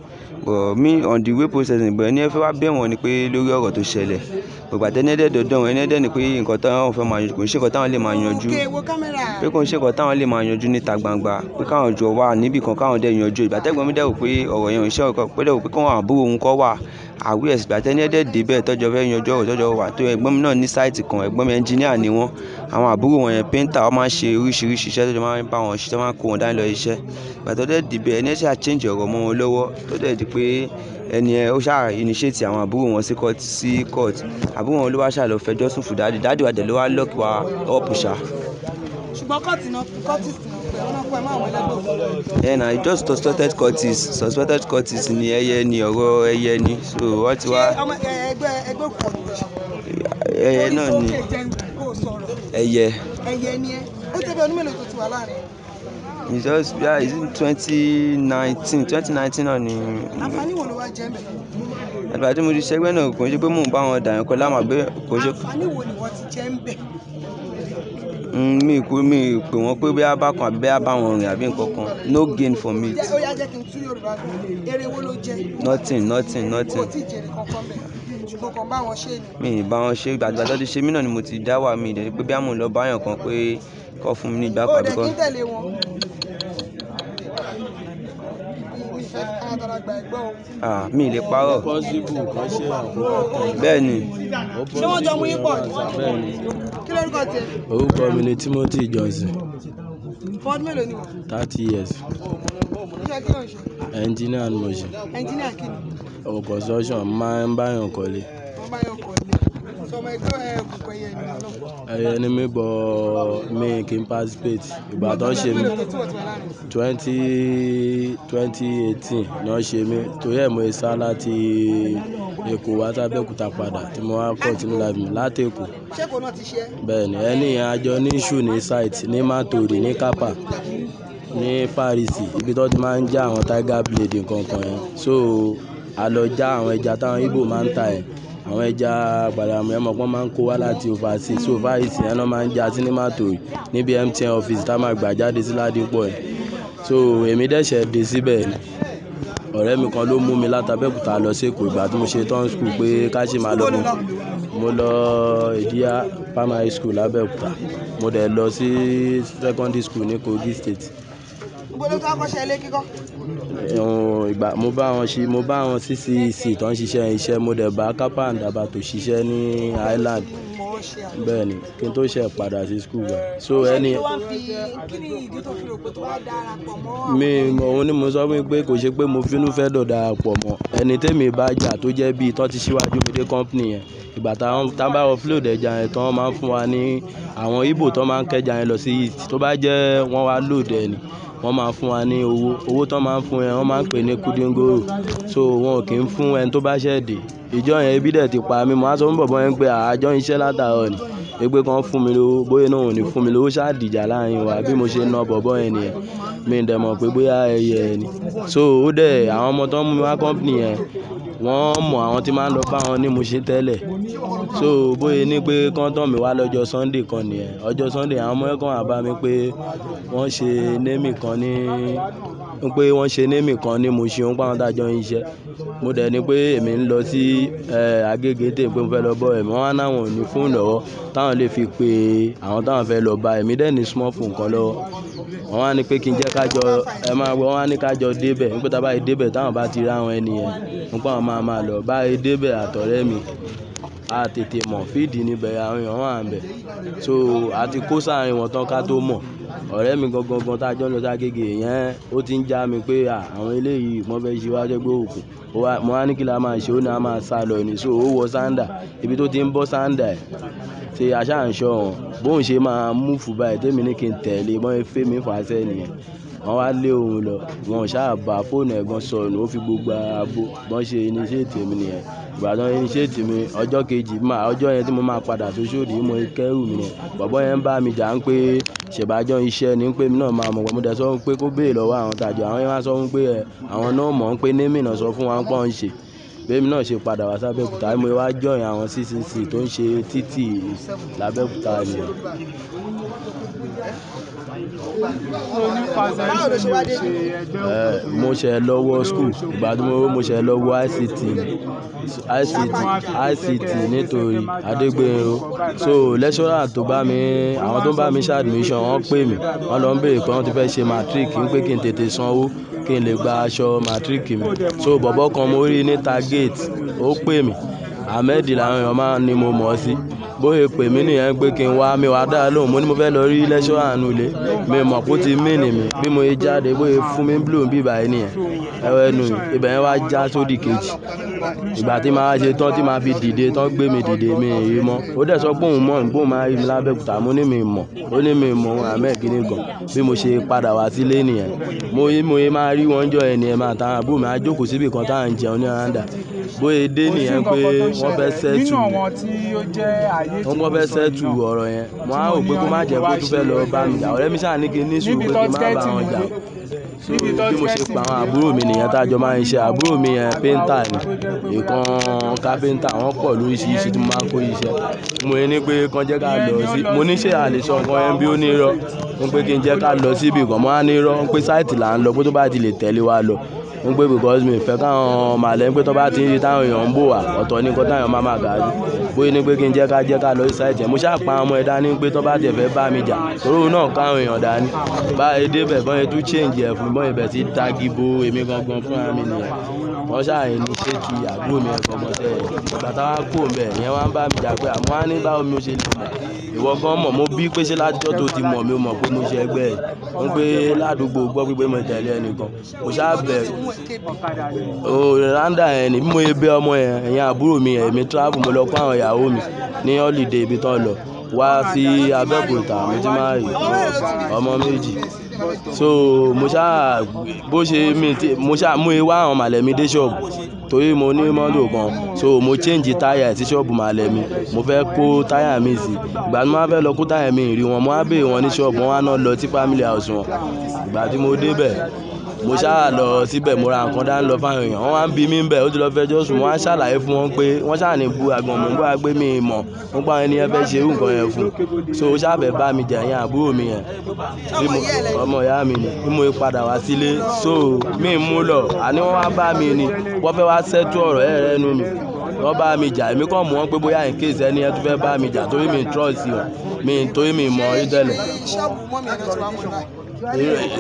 But me on the way processing, but ẹni ẹ fẹ́ wá bẹ̀ wọ́n ni pé lórí ọ̀rọ̀ tó ṣẹlẹ̀ gbogbo àti ẹnẹ́dẹ̀ dọ̀dọ̀ ẹni ẹ̀dẹ̀ ni pé nǹkan táwọn fẹ́ máa yanjú kò ń ṣe nǹkan táwọn lè máa yanjú pé kò ń ṣe nǹkan táwọn lè máa yanjú níta gbangba pé káwọn jọ wà níbì kan káwọn dẹ̀ yanjú ìgbàtẹ́gbọ̀n mi dẹ̀ wò pé ọ̀rọ̀ yẹn ò ń ṣe ọ̀rọ̀ pé dẹ̀ wò pé kí wọ́n àbúrò òun kọ́ wà àwí ẹ̀sìn ìgbàtẹ́ni ẹ̀dẹ̀ débẹ̀ tọ́jọ́ fẹ́ yanjú ọ̀rọ̀ tọ́jọ́ wà tó ẹ̀gbọ́n mi náà ní sáìtì kan ẹ̀gbọ́n mi ẹnjìníà ni wọ́n Àwọn àbúrò wọn yẹn painter, wọ́n máa ń ṣe oríṣiríṣi iṣẹ́ tó jọ máa ń bá wọn ṣe, tó máa ń kó wọn dání lọ iṣẹ́. Ìgbà tó dẹ̀ di bẹ́ẹ̀, ẹni yẹn ṣà change ọ̀rọ̀ mọ́ wọn lọ́wọ́, tó dẹ̀ di pé ẹni yẹn ó ṣà initiate àwọn àbúrò wọn sí court, sí court. Àbúrò wọn ló wá ṣà lọ fẹjọ́ sùn fún daddy, daddy wa dẹ̀ ló wá lock wa up ṣá. Ṣùgbọ́n court náà, courtist náà pé, náà pé àwọn ẹlẹ́gbẹ́. Yeah na, just suspected courtist, suspected courtist ni ẹyẹ ni, ọ̀rọ̀ ẹyẹ ni. So wọ́n ti wá. Ṣé ọmọ ẹgbẹ́, ẹgbẹ́ òkùnkùn Ẹyẹ náà ni sọ̀rọ̀. ẹyẹ. ẹyẹ ni ẹ ó tẹ́ ọdún mélòó tó ti wà láàrin. it's just yeah it's in 2019 nineteen twenty nineteen náà ni. àǹfààní wo ló wá jẹ́ mẹ́. àgbà tí mo ti ṣẹgbẹ́ náà kò ń ṣe pé mò ń bá wọn dàrú kọ láwọn àgbẹ̀ kò ń ṣe. àǹfààní wo ni wọ́n ti jẹ́ ń bẹ̀. Mm, mi kú pè wọ́n pé bẹ́ẹ̀ bá àbí bẹ́ẹ̀ rìn àbí nǹkan kan no gain for me. ó yá jẹ́ kí n tú Yorùbá èrè wo ló jẹ́. nothing nothing nothing. ó ti jèrè kankan bẹ́ẹ̀ ṣùgbọ́n kan bá wọn ṣe ni. mi ì bá wọn ṣe gbàgbà tó ti ṣe mí náà ni mo ti dá wà mí ìdẹ́ni pé bí àmọ́ lọ báyàn kan pé kọ́ fún mi ní ìgbà pàdé kan. ó dẹ̀ lè parọ́ bẹ́ẹ̀ ni. ṣé wọ́n jọ mú yín pọ̀ ni. kí lórúkọ tiẹ̀. orúkọ mi ni Timothy Johnson. fọdún mélòó ni. thirty years iṣẹ́ tí ò ń ṣe? Engineer ni mo ṣe. Engineer kí ni? Òun construction, máa ń bá èèyàn kọ́lé. Wọ́n bá yàn kọ́lé. So ọmọ ẹgbẹ́ òkùnkùn eh, ẹyẹ ni ọ́ náà? Ẹyẹ ni mí but mi kì í participate. Ìgbà tó ń twenty twenty eighteen ni wọ́n ṣe mí. Torí ẹ̀ mo se sá láti Èkó wá s'Abẹ́òkúta padà tí mo wá continue life mi láti Èkó. Ṣé Èkó náà ti ṣe ẹ́? Bẹ́ẹ̀ni, ẹni yẹn a ní issue ní site ní Màtòdì ní Kappa ní Paris ibi tí wọ́n ti máa ń já àwọn tiger blade nǹkan kan yẹn. So a lọ já àwọn ẹja táwọn Igbo máa ń tà yẹn. Àwọn ẹja gbàdàmú, ẹ mọ̀ pé wọ́n máa ń kó wá láti overseas. So overseas yẹn ló máa ń já sí ní níbi MTN office tí a máa gbà jáde sí Ladipo yẹn. So èmi dẹ́ṣẹ̀ dé síbẹ̀, ọ̀rẹ́ mi kan ló mú mi láti Abẹ́òkúta lọ sí Èkó ìgbà tí mo ṣe tán school pé ká sì máa lọ. Mo lọ Idia Primary School Abẹ́òkúta, mo dẹ̀ lọ sí secondary school ní Kogi State gbọ́dọ̀ tó akọ́ṣẹ́ ilé kíkọ́. ìgbà mo bá wọn ṣe mo bá wọn ccc e tó ń ṣiṣẹ́ iṣẹ́ mo dẹ̀ bá kápá àǹdàbà tó ṣiṣẹ́ ní island bẹ́ẹ̀ ni kí n tó ṣe padà sí school wa so ẹni. mi òun ni mo sọ fún mi pé kò ṣe pé mo finú fẹ́ dọ̀dà pọ̀ mọ́ ẹni tẹ́mi bá jà tó jẹ́ bíi tán ti ṣíwájú mi dé company yẹn ìgbà táwọn tábà offload ẹja yẹn tán máa ń fún wa ní àwọn ibo tán máa ń kẹja yẹn lọ sí east tó bá jẹ́ wọ́n wá load ẹni wọ́n máa fún wa ní owó. Owó tó máa ń fún ẹ, wọ́n máa ń pè ní kúdíńgòrò. So wọn ò kí ń fún ẹni tó bá ṣẹ̀ dé. yẹn ebí dẹ̀ ti pa mí, mo wá sọ fún bọ̀bọ́ yẹn pé à jọ́ látàárọ̀ ni. Wípé kí fún mi lówó, bóyá náà ò ní fún mi lówó. Ó dìjà láàrin wa bí mo ṣe na bọ̀bọ́ yẹn nìyẹn. Mi ò dẹ̀ mọ̀ pé bóyá ẹyẹ ni. So ó dẹ̀ àwọn ọmọ tó mú mi wá company yẹn wọ́n mọ àwọn tí máa ń lọ bá wọn ní Mushin tẹ́lẹ̀. So bóyé ní pé kán tàn mí wá lọ́jọ́ Sunday kan nìyẹn. Ọjọ́ Sunday àwọn ọmọ kan wá mi pé wọ́n ṣe naming kan ní. ń pé wọ́n ṣe némì kan ní Mushin páwọn tá a jọ ń mo dẹ̀ ni pé èmi ń lọ sí Agége pe àwọn táwọn fẹ́ lọ bá ní lọ́wọ́ wọ́n ní pé kí n jẹ́ kájọ ẹ máa wọ́n ní kájọ débẹ̀ tá a bá débẹ̀ táwọn bá ti rí a tètè mọ̀ fíìdì níbẹ̀ àwọn èèyàn wà níbẹ̀. So a ti kó sáàrín wọn tán ká tó mọ̀. Ọ̀rẹ́ mi gangan gan tá jọ ń lọ ságege yẹn, ó ti ń já mi pé àwọn eléyìí wọ́n fẹ́ ṣe wá sẹ́gbẹ́ òkun. Mo wá ní kí la máa ṣe, ó ní a máa sálọ ni. So ó wọ sandal, ibi tó ti ń bọ́ sandal ẹ̀, ṣe a ṣà ń ṣọ́ wọn. Bóun ṣe máa múfù báyìí, tèmi ní kí n tẹ̀lé, bọ́n sé fẹ́ mi fà á sẹ́yìn wọ́n wá lé òun lọ wọn ò ṣáà bá fóònù ẹ̀gbọ́n sọnù ó fi gbogbo ara bó bọ́n ṣe initiate mi nìyẹn ìgbà tó initiate mi ọjọ́ kejì ọjọ́ yẹn tí mo máa padà sóṣòdì mo kẹ́rù mi nìyẹn bọ̀bọ́ yẹn ń bá mi jà ń pé ṣèbájọ́ iṣẹ́ ni pé mi náà máa mọ̀ mo dẹ̀ sọ pé kó béè lọ́wọ́ àwọn tàjọ àwọn yẹn wá sọ pé àwọn náà mọ̀ ń pé némìnà sọ fún wa ń pọ́n ṣe bẹ́ẹ̀mi náà ṣe padà wá sábẹ́òkúta mo wá jọyìn àwọn ccc tó ń ṣe títì lábẹ́òkúta nìyẹn. Eh, mo ṣe lọ́wọ́ school ìgbà tí mo mo ṣe lọ́wọ́ ICT ICT ICT nítorí Adégbénró so lecturer tó bá mi àwọn tó bá mi ṣe admission wọ́n pè mí wọ́n lọ ń béèrè pé wọ́n ti fẹ́ ṣe matric ń pé kí n tètè sanwó kí n lè gba aṣọ matric mi so bọ̀bọ̀ kan mo rí níta gate ó pè mí Ahmed làwọn èèyàn máa ń ní mo mọ̀ ọ́ sí bóyá pè mí nìyẹn pé kí n wá mi wá dá lóhùn mo ní mo fẹ́ lọ rí lẹ́ṣọ́ àánú ilé mi mọ̀ kó ti mí nì mí bí mo yé jáde bóyá fún mi blue bí ìbàyẹn nìyẹn ẹwọ ẹnu ibẹ̀ yẹn wá já sódì kejì ìgbà tí màá ṣe tán tí màá fi dìde tán gbé mi dìde mi ì mọ́ ó dẹ̀ sọ pé òun mọ̀ ní bóun máa rí mi lábẹ́kúta mo ní mi mọ̀ ó ní mi mọ̀ wọn àmẹ́ kíní gan bí mo ṣe padà wá sílé nìyẹn mo yé mo yé máa rí wọn jọ ẹ̀ nìyẹn máa tàn án bó mi á jókòó síbì kan táà ń jẹun ní àǹdà bóyá dé nìyẹn pé wọ́n fẹ́ sẹ́tù. nínú mo mọ fẹ́ sẹ́tù ọ̀rọ̀ yẹn mo á rò pé kó má jẹ́ kó tún fẹ́ lọ bá mi jà ọ̀rẹ́ mi ṣáà ní ní sùúrù pé kí n má bá wọn jà so bí mo ṣe pa àwọn àbúrò mi nìyẹn tá a jọ máa ń ṣe àbúrò mi yẹn péńtà ni ìkan káfíńtà wọn pọ̀ lóríṣiríṣi tí mo máa ń kó iṣẹ́ mo ní pé kan jẹ́ ká lọ sí mo ní ṣe àlèṣọ nǹkan yẹn bí ó ní irọ́ mo pé kí n jẹ́ ká lọ síbi kan mo á ní irọ́ pé sáìtì là ń lọ bó tó bá ti lè tẹ̀lé wa lọ ń pé because mi fẹ́ káwọn màlẹ́ ń pé tó bá ti ń rí táwọn èèyàn ń bò wá ọ̀tọ̀ ní nǹkan táwọn máa máa gà á rí bóyá ní pé kí n jẹ́ ká jẹ́ ká lọ sí ṣáìtì ẹ̀ mo ṣáà pa ọmọ ẹ̀ dání pé tó bá tẹ̀ fẹ́ bá mi jà toró náà káwọn èèyàn dání bá edé bẹ̀ bọ́n ẹ tún change ẹ̀ fún bọ́n ibẹ̀ ti tagibo èmi gangan fúnra mi nìyẹn wọ́n ṣàyẹn ní ṣéèkì àbúrò mi ẹ̀gbọ́n mọ́tẹ́ ẹ̀ bàtà wá kó mbẹ̀ yẹn wá ń bá mi jà pé àmọ́ wá ní báwo mi ò ṣe lè mọ̀ ìwọ gan mọ̀ mo bí pé ṣé lájọ́ tó ti mọ̀ mi ò mọ̀ pé mo ṣe ẹgbẹ́ ẹ̀ wọ́n pé ládùúgbò gbọ́ pípé mo tẹ̀lé ẹnìkan mo ṣàbẹ̀ randa yẹn ni mo bẹ ọmọ yẹn ẹ̀yìn àbúrò mi yẹn mi travel mo lọ kó àwọn ìyàwó mi ní holiday ibi tán lọ wá sí Abẹ́òkúta mi ti máa rí ọmọ méjì so mo ṣá bó ṣe mi ti mo ṣá mú e wá àwọn màlẹ̀ mi dé ṣọ́ọ̀bù torí mo ní mọ́tò kan so mo change táyà sí ṣọ́ọ̀bù màlẹ̀ mi mo fẹ́ kó táyà mi sí ìgbà tí mo fẹ́ lọ kó táyà mi rí wọn mo á béèrè wọn ní ṣọ́ọ̀bù wọn á náà lọ sí family house wọn ìgbà tí mo débẹ̀ mo ṣáà lọ síbẹ̀ mo ra nǹkan dání lọ fáwọn èèyàn wọ́n wá ń bi mí bẹ̀ ó ti lọ fẹjọ́ sùn wọ́n á ṣàlàyé fún wọn pé wọ́n ṣáà ní bu àgbọ̀n mọ̀ nígbà pé mi mọ̀ nípa àwọn ènìyàn fẹ́ ṣe irú nǹkan yẹn fún so ó ṣáà bá mi jà yẹn àbúrò mi yẹn ọmọ ìyá mi ni bí mo padà wá sílé so mi mú lọ àní wọ́n wá bá mi ni wọ́n fẹ́ wá ṣẹ́tú ọ̀rọ̀ ẹ̀ rẹ́nu wọ́n bá mi jà èmi kàn mọ̀ wọ́n pé bóyá in case ẹni ẹ tún fẹ́ bá mi jà torí mi trust yìí mi torí mi mọ̀ ọ́ tẹ́lẹ̀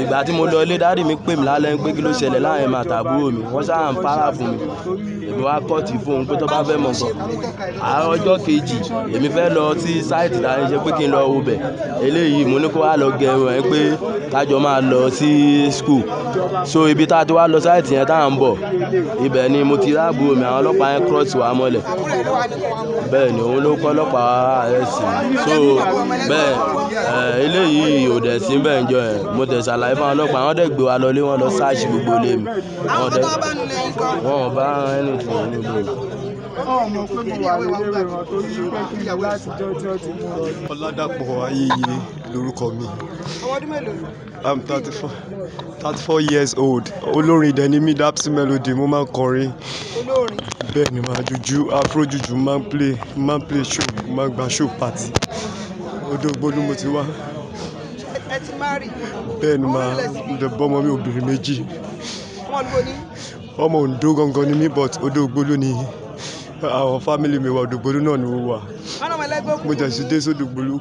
ìgbà tí mo lọ ilé dádì mi pè mí lálẹ́ pé kí ló ṣẹlẹ̀ láàrin èmi àtàbúrò mi wọ́n sáà ń para fún mi èmi wá kọ́ọ̀tì fún un pé tó bá fẹ́ mọ̀ nǹkan àárọ̀ ọjọ́ kejì èmi fẹ́ lọ sí sáìtì tá a ń ṣe pé kí n lọ wo bẹ̀ eléyìí mo ní kó wá lọ gẹrun ẹ pé tájọ máa lọ sí skul so ibi tá a ti wá lọ sáìtì yẹn tá à ń bọ̀ ibẹ̀ ni mo ti ráàbù mi àwọn ọlọ́pàá yẹn cross wà mọ́lẹ̀ bẹ́ẹ̀ ni òun ló kọ́ ọlọ́pàá ẹ̀sìn so bẹ́ẹ̀ eléyìí ò dẹ̀ sí bẹ́ẹ̀ ń jọ yẹn mo tẹ̀ ṣàlàyé fún ọlọ́pàá àwọn dẹ̀ gbé wa lọ lé wọn lọ ṣáàṣì gbogbo ilé mi. àwọn tó wọn ò bá ẹnì fún mi níbo. ọmọ pé mo mi. I'm thirty four thirty four years old olórin ìdẹni mi Dapsy Melody mo máa ń kọrin olórin bẹ́ẹ̀ ni máa juju afro juju máa ń play máa ń play show máa ń gba show party odò gbólú mo ti wá ẹ ti máa rí. bẹ́ẹ̀ ni máa ń bọ́ ọmọ mi obìnrin méjì. ọmọ Òǹdó ni. gangan ni mí but odò ògbólú ni àwọn fámìlì mi wà òdògbólú náà ni mo wà mo jẹ sí dé sódògbólú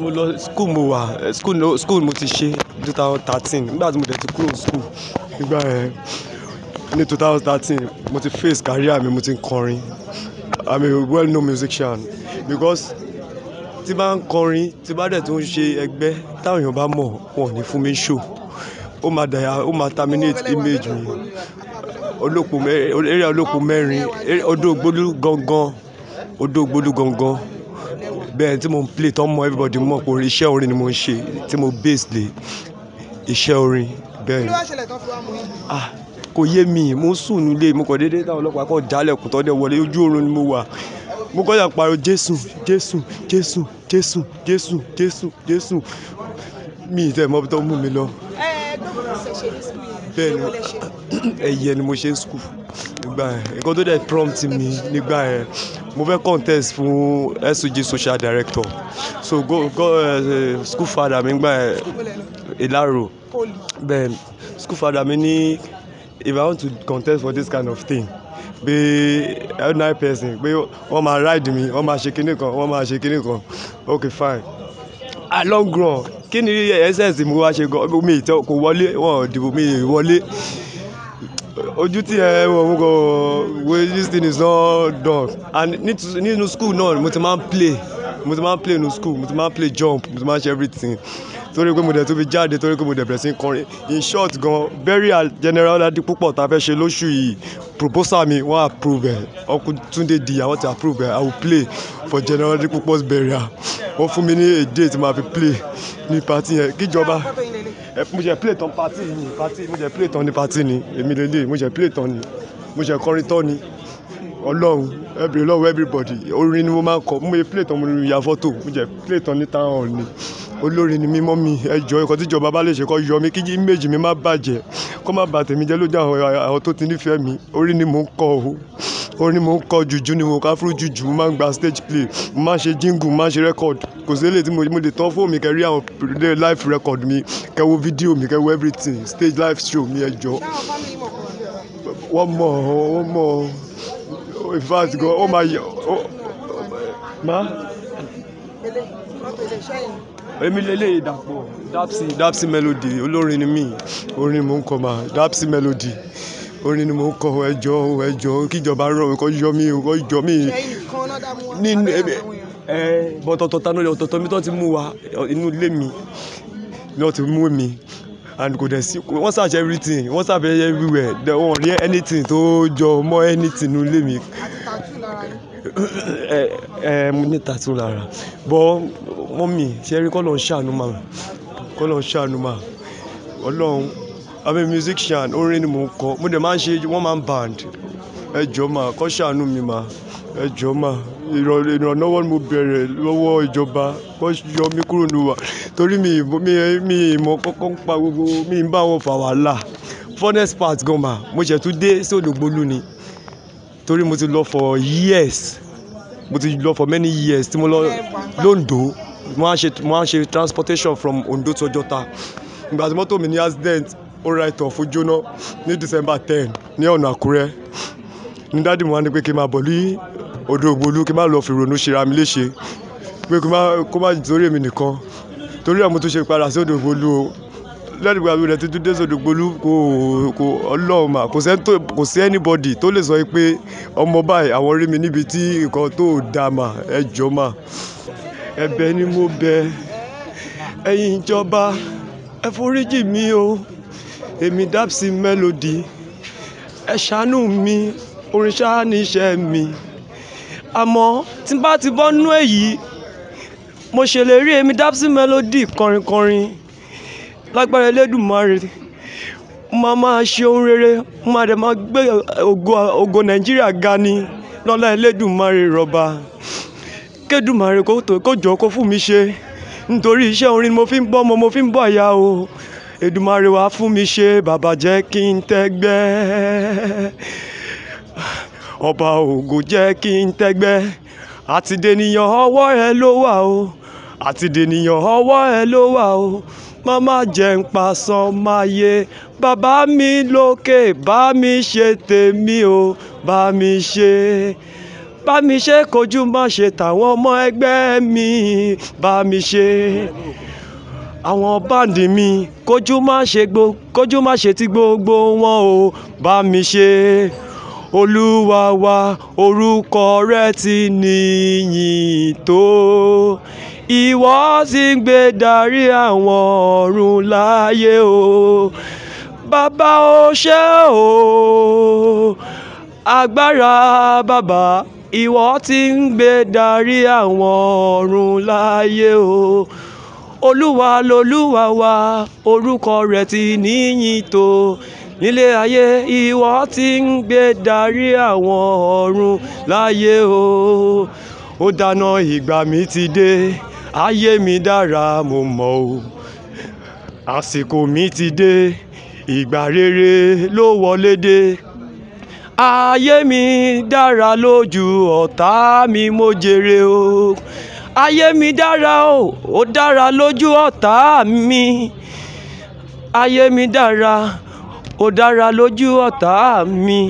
mo lọ skul mo wà eh, skul mo ti ṣe two thousand thirteen nígbà tí mo dẹ̀ ti kúrò skul nígbà yẹn ní two thousand thirteen mo ti face career mi mo ti kọrin i'm a well known musician because tí bá ń kọrin tí bá dẹ̀ tó ń ṣe ẹgbẹ́ táwọn èèyàn bá mọ̀ wọn ní fún mi show ó máa dàyà ó máa terminate image mi olóko mẹ́rin eré olóko mẹ́rin odò ògbólú gangan odò ògbólú gangan bẹ́ẹ̀ tí mo ń play tó ń everybody mọ̀ pé iṣẹ́ orin ni mo ń ṣe tí mo base lé iṣẹ́ orin bẹ́ẹ̀ ni ah, kò yé mi mo sùn nílé mo kàn déédéé táwọn ọlọ́pàá kàn jálẹ̀kùn tó dẹ̀ wọlé ojú oorun ni mo wà mo kọjá pariwo Jésù Jésù Jésù Jésù Jésù Jésù Jésù mi ì tẹ́ mọ́ bí tó mú mi lọ. bẹ́ẹ̀ ni ni mo ṣe ń school nígbà yẹn nǹkan tó dẹ̀ prompt mi nígbà yẹn mo fẹ́ contest fún SUG social director so go go uh, school father mi nígbà yẹn Ìlàrò bẹ́ẹ̀ school father mi ní if I want to contest for this kind of thing pé ordinary person pé wọ́n máa ride me, wọ́n máa ṣe kinní kan wọ́n máa ṣe kinní kan okay fine at long run kí ni essence mi wá ṣe gan mi ìtọ́ kò wọlé wọn ò dìbò mi wọlé ojú tí ẹ wọ̀ mú gan wey this thing is not done and nínú school náà mo ti máa ń play mo ti máa ń play ní school mo ti máa ń play jump mo ti máa ń ṣe everything torí pé mo dẹ̀ tó fi jáde torí pé mo dẹ̀ bẹ̀rẹ̀ sí kọrin in short gan burial general ladi púpọ̀ tá a fẹ́ ṣe lóṣù yìí proposal mi wọ́n approve ẹ̀ ọkùn túndé di àwọn ti approve ẹ̀ i will play for general ladi púpọ̀'s burial wọ́n fún mi ní a date máa fi play ní party yẹn kíjọba mo ṣe play tán party ni party mo ṣe play tán ní party ni èmi lè lè mo ṣe play tán ni mo ṣe kọrin tán ni. Ọlọ́run ẹbí Ọlọ́run everybody orin ni mo máa ń kọ. Mo lè play mo ya fọ́tò, mo jẹ play ní town hall Olórin ni mí mummy, ẹ jọ̀ọ́ tí ìjọba bá lè ṣe kó yọ mí kí image mi má bàjẹ́, kó má ba tèmi jẹ́ lójú àwọn tó ti nífẹ̀ẹ́ mi. Orin ni mò ń kọ o. Orin ni mò ń kọ, jùjú ni mò ń kọ, afro mo máa ń gba stage play, mo máa ń ṣe jingle, mo máa ń ṣe record. Kò sí eléyìí tí mo lè tán fóònù mi kẹ́ rí àwọn live record mi, kẹ́ wo fídíò mi, kẹ́ wo everything, stage live show mi ẹ Wọ́n mọ̀, wọ́n mọ̀ in fact Oh my! Oh, yẹ oh, ó má. èmi lélẹ́yìí dàpọ̀ dapsi dapsi melody olórin ni mí orin mò ń kọ mà dapsi melody orin ni mò ń kọ ẹjọ ẹjọ kíjọba rọ kọ yọ mí kọ yọ mí ní ẹ bọ́tọ̀tọ̀ tanu ọ̀tọ̀tọ̀ mi tó ti mú wa inú ilé mi lọ́ọ́ ti mú mi and kò dẹ̀ sí wọ́n search everything wọ́n search everywhere then wọ́n hear anything tó jọ mọ́ anything nínú ilé mi. ẹ ẹ eh, eh, mo ní tattoo lára bọ́ mọ́mì ṣe rí kọ́ ló ń ṣàánú mà kọ́ ṣàánú mà ọlọ́run i'm a musician orin ni mo ń kọ mo dẹ̀ máa ń ṣe one man band ẹ jọ̀ọ́ mà kọ́ ṣàánú mi mà ẹ jọ̀ọ́ mà ìrànlọ́wọ́ mo bẹ̀rẹ̀ lọ́wọ́ ìjọba kó yọ mí kúrò nínú wa torí mi mi ìmọ̀ kọ́kọ́ ń pa gbogbo mi ń bá wọn fà wàhálà funnest part gan mà mo ṣẹ̀ tún dé sí Òdògbolú ni torí mo ti lọ for years mo ti lọ for many years tí mo lọ lóńdó mo á ṣe mo á ṣe transportation from Ondo to Ọjọ́ta ìgbà tí mọ́tò mi ní accident ó ra ìtọ̀ fún jóná ní December ten ní ọ̀nà Àkúrẹ́ ní dádì mo wá ní pé kí n máa bọ̀ lóyún ọ̀dọ̀ ògbólú kí n má lọ fi ronú ṣe ra mi léṣe pé kó má torí èmi nìkan torí àwọn tó ṣe padà sí ọ̀dọ̀ ògbólú o lẹ́nu ìgbà rẹ̀ títí dé sọ́dọ̀ gbolú kò kò ọlọ́run kò sí anybody tó lè sọ pé ọmọ báyìí àwọn rí mi níbi tí nǹkan tó dà mà ẹ jọ mà ẹ̀bẹ̀ ni mo bẹ̀ ẹ̀yin ìjọba ẹ foríjì mi o èmi Dapsy Melody ẹ ṣàánú mi orin ṣáá ní iṣẹ́ mi àmọ́ tí n bá ti bọ́ nínú èyí mo ṣèlérí èmi Dapsy Melody kọrinkọrin lágbára Elédùmarè máa máa ṣe ohun rere máa dẹ̀ máa gbé ògo Nàìjíríà ga ni lọ́lá Elédùmarè rọ̀bà k'Édùmarè kó jọ̀ọ́ kó fún mi ṣe nítorí iṣẹ́ orin mo fi ń bọ́mọ mo fi ń bọ̀ ya o Èdùmarè wàá fún mi ṣe bàbá jẹ́ kí n tẹ́gbẹ́ ọba ògo jẹ́ kí n tẹ́gbẹ́ àti dènìyàn ọwọ́ ẹ ló wà o àti dènìyàn ọwọ́ ẹ ló wà o màmá jẹ́ ń pasán máa yé bàbá mi lókè bá mi ṣe tèmi o bá mi ṣe bá mi ṣe kojú má ṣe tàwọn ọmọ ẹgbẹ́ mi bá mi ṣe àwọn báǹdì mi kojú má ṣe ti gbogbo wọn o bá mi ṣe olúwa wa orúkọ rẹ ti níyìn tó ìwọ sì gbé darí àwọn ọ̀run láyé o bàbá o ṣé o agbára bàbá ìwọ ti gbé darí àwọn ọ̀run láyé o olúwa lolúwa wa orúkọ rẹ ti níyìn tó nílé ayé ìwọ tí ń gbé darí àwọn ọ̀run láyé o ó dáná ìgbà mi ti dé ayé mi dára mo mọ̀ o àsìkò mi ti dé ìgbà rere ló wọlé dé ayé mi dára lójú ọ̀tá mi mo jèrè o ayé mi dára o ó dára lójú ọ̀tá mi ayé mi dára ó dára lójú ọ̀tá mi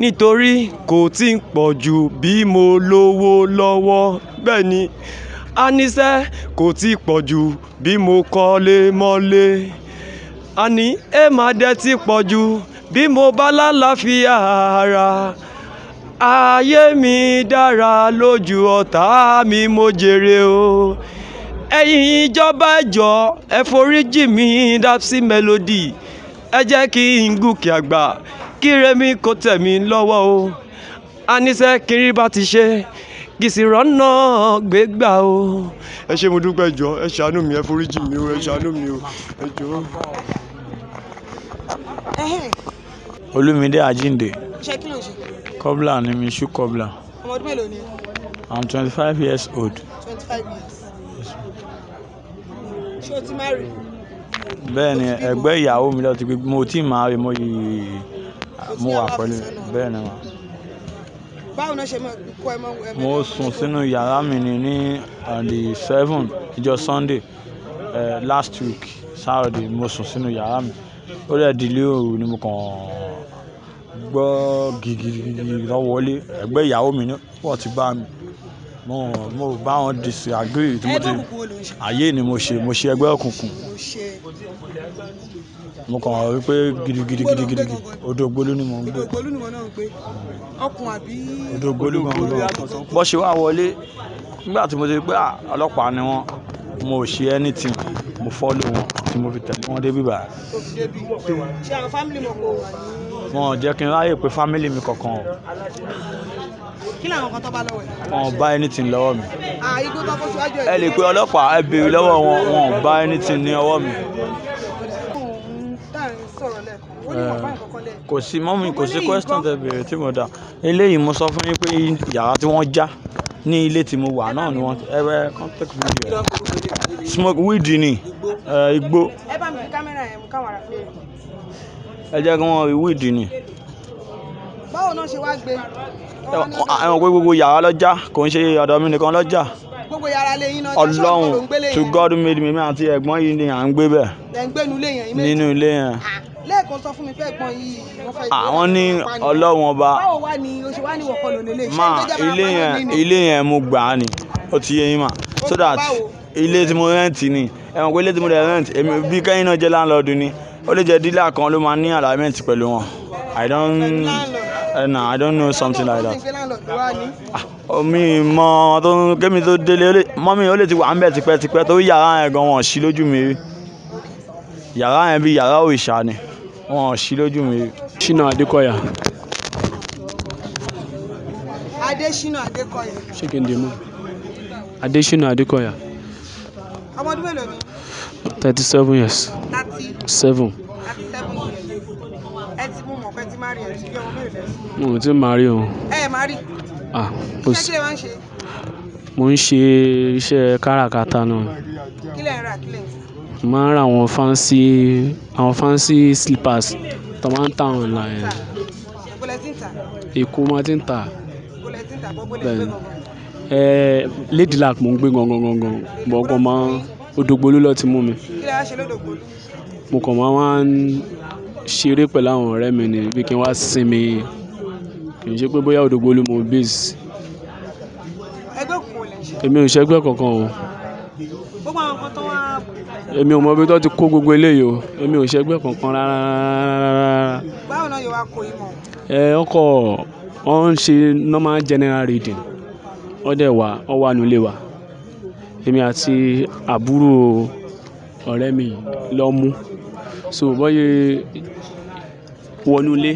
nítorí kò tí ì pọ̀ jù bí mo lówó lọ́wọ́ bẹ́ẹ̀ ni a níṣẹ́ kò tí ì pọ̀ jù bí mo kọ́lé mọ́lé a ẹ máa dẹ́ tí pọ̀ jù bí mo bá lálàáfíà ara ayé mi dára lójú ọ̀tá mi mo jèrè o ẹ̀yin ìjọba ẹ̀jọ̀ ẹ foríjì mi Dapsy Melody ẹ jẹ́ kí n gòkè àgbà kí remi kò tẹ̀ lọ́wọ́ o aníṣẹ́ kiri bá ti ṣe kì rọ́nà gbégbà o. ẹ ṣé mo dúpẹ́ jọ ẹ ṣàánú mi ẹ foríjì mi o ẹ ṣàánú mi o ẹ jọ. Olúmídé Àjíǹde kọ́bla ni mi ṣú kọ́bla. ọmọ ọdún I'm twenty five years old. twenty five years. ṣé o ti marry. Bẹ́ẹ̀ni, ẹ̀gbọ́n ìyàwó mi ló ti pé mo ti máa rí, mo yìí, mo wà pẹ̀lú, bẹ́ẹ̀ni ma. Báwo ni wọ́n Mo sùn sínú yàrá mi ni ní on uh, seven, ìjọ Sunday, uh, last week, Saturday mo sùn sínú yàrá mi. Ó dẹ̀ di ilé òru ni mo kàn gbọ́ gìgìgìgì lọ́ wọlé. Ẹ̀gbọ́n ìyàwó mi ni wọ́n ti bá mi mo mo bá wọn disagree tí mo ti àyè ni mo ṣe mo ṣe ẹgbẹ́ òkùnkùn mo kàn wọ́n wípé gidigidi gidigidi odò gbolú ni mò ń gbé odò gbolú mò ń gbé bó ṣe wá wọlé nígbà tí mo ti pé ah, ọlọ́pàá ni wọ́n mo ò ṣe anything mo follow wọn tí mo fi tẹ̀lé wọn débi báyìí. ṣé àwọn fámìlì mọ̀ kò wà ní. wọn ò jẹ́ kí n ráyè pé fámìlì mi kankan o kí làwọn kan tó bá lọ́wọ́ ẹ̀. wọn ò bá anything lọ́wọ́ mi. àìgbó tó kó síwájú ẹ̀. ẹ lè pe ọlọ́pàá ẹ béèrè lọ́wọ́ wọn wọn ò bá anything ní ọwọ́ mi. kò sí mọ́mí kò sí question tẹ béèrè tí mo dà eléyìí mo sọ fún yín pé yàrá tí wọ́n já ní ilé tí mo wà náà ni wọ́n ẹ ẹ contact video ẹ smoke weed ni igbó. ẹ bá mi fi kámẹ́rà yẹn mú káwọn ará fi rè. ẹ jẹ́ kí wọ́n rí weed ni. báwo náà ṣe wá gbé ẹ̀wọ̀n pé gbogbo yàrá lọ́jà kò ń ṣe ọ̀dọ̀ mi nìkan lọ́jà gbogbo yàrá lè yín náà ọlọ́run to God made me mi àti ẹ̀gbọ́n yìí ni à ń gbé bẹ̀. ẹ̀ ń gbénu ilé yẹn. nínú ilé yẹn. Ah, lẹ́ẹ̀kan sọ fún mi pé ẹ̀gbọ́n yìí wọ́n fẹ́. àwọn ní ọlọ́run ọba. báwo wá ni oṣù wá ní wọ̀kọ̀ lò nílé. ma ilé yẹn ilé yẹn mo gbà á ni ó ti yé yín mà so that ilé tí mo rẹ́ǹtì ni ẹ̀wọ̀n pé ilé tí mo rẹ̀ rẹ́ǹtì èmi bí kẹ́yìn náà jẹ́ láńlọ́ọ̀dù ni ó lè jẹ́ dílà kan ló máa ní àlámẹ́ǹtì pẹ̀lú wọn I don't ẹ eh, nà i don't know something like that. omi ah, mọ tó kémi tó délé mọ́mí ó lè ti wà ń bẹ̀ tipẹ́tipẹ́ tó yàrá yẹn gan wọn sí lójú mi rí yàrá yẹn bí yàrá òrìṣà ni wọn sí lójú mi rí. Ṣínà Adékọ̀yà. Adéṣínà Adékọ̀yà. ṣé kí n dì mú Adéṣínà Adékọ̀yà. ọmọ ọdún mélòó ni. thirty seven years. thirty seven. thirty seven years. ẹ ti mú mọ̀ pé ti má rí ẹ̀ ti bí ọmọ mélòó lẹ́sìn. Mo ò tí ì máa rí o. Ẹ máa rí. À, kò sí. Iṣẹ́ kí lẹ máa ń ṣe? Mo ń ṣe iṣẹ́ káràkátà náà. Kí lẹ ń rà? Kí lẹ ń tà? Mo máa ń ra àwọn fancy, àwọn fancy slippers tó máa ń tà online. Ibo lẹ Èkó mo ti ń tà. Ibo lẹ ti ń mo ń gbé gangan gangan, but máa ń, lọ ti mú mi. Kí wá ṣe lódògbolú? Mo kàn máa ń ṣeré pẹ̀lú àwọn ọ̀rẹ́ mi ni, bí kí n wá sinmi kì í ṣe pé bóyá Òdògbó ló mọ base. Ẹgbẹ́ òkùnkùn lẹ̀ ń ṣe. Èmi ò ṣe ẹgbẹ́ kankan o. Gbogbo àwọn nǹkan tó wá. Èmi ò mọ ibi tó ti kó gbogbo eléyìí o. Èmi ò ṣe ẹgbẹ́ kankan rárá. Báwo náà yóò wá kó yín mọ̀? Ẹ ọkọ̀ wọ́n ń ṣe normal general reading. Wọ́n dẹ̀ wá, wọ́n wà nínú ilé wa. Èmi àti àbúrò ọ̀rẹ́ mi lọ mú. So bọ́n yé wọnú ilé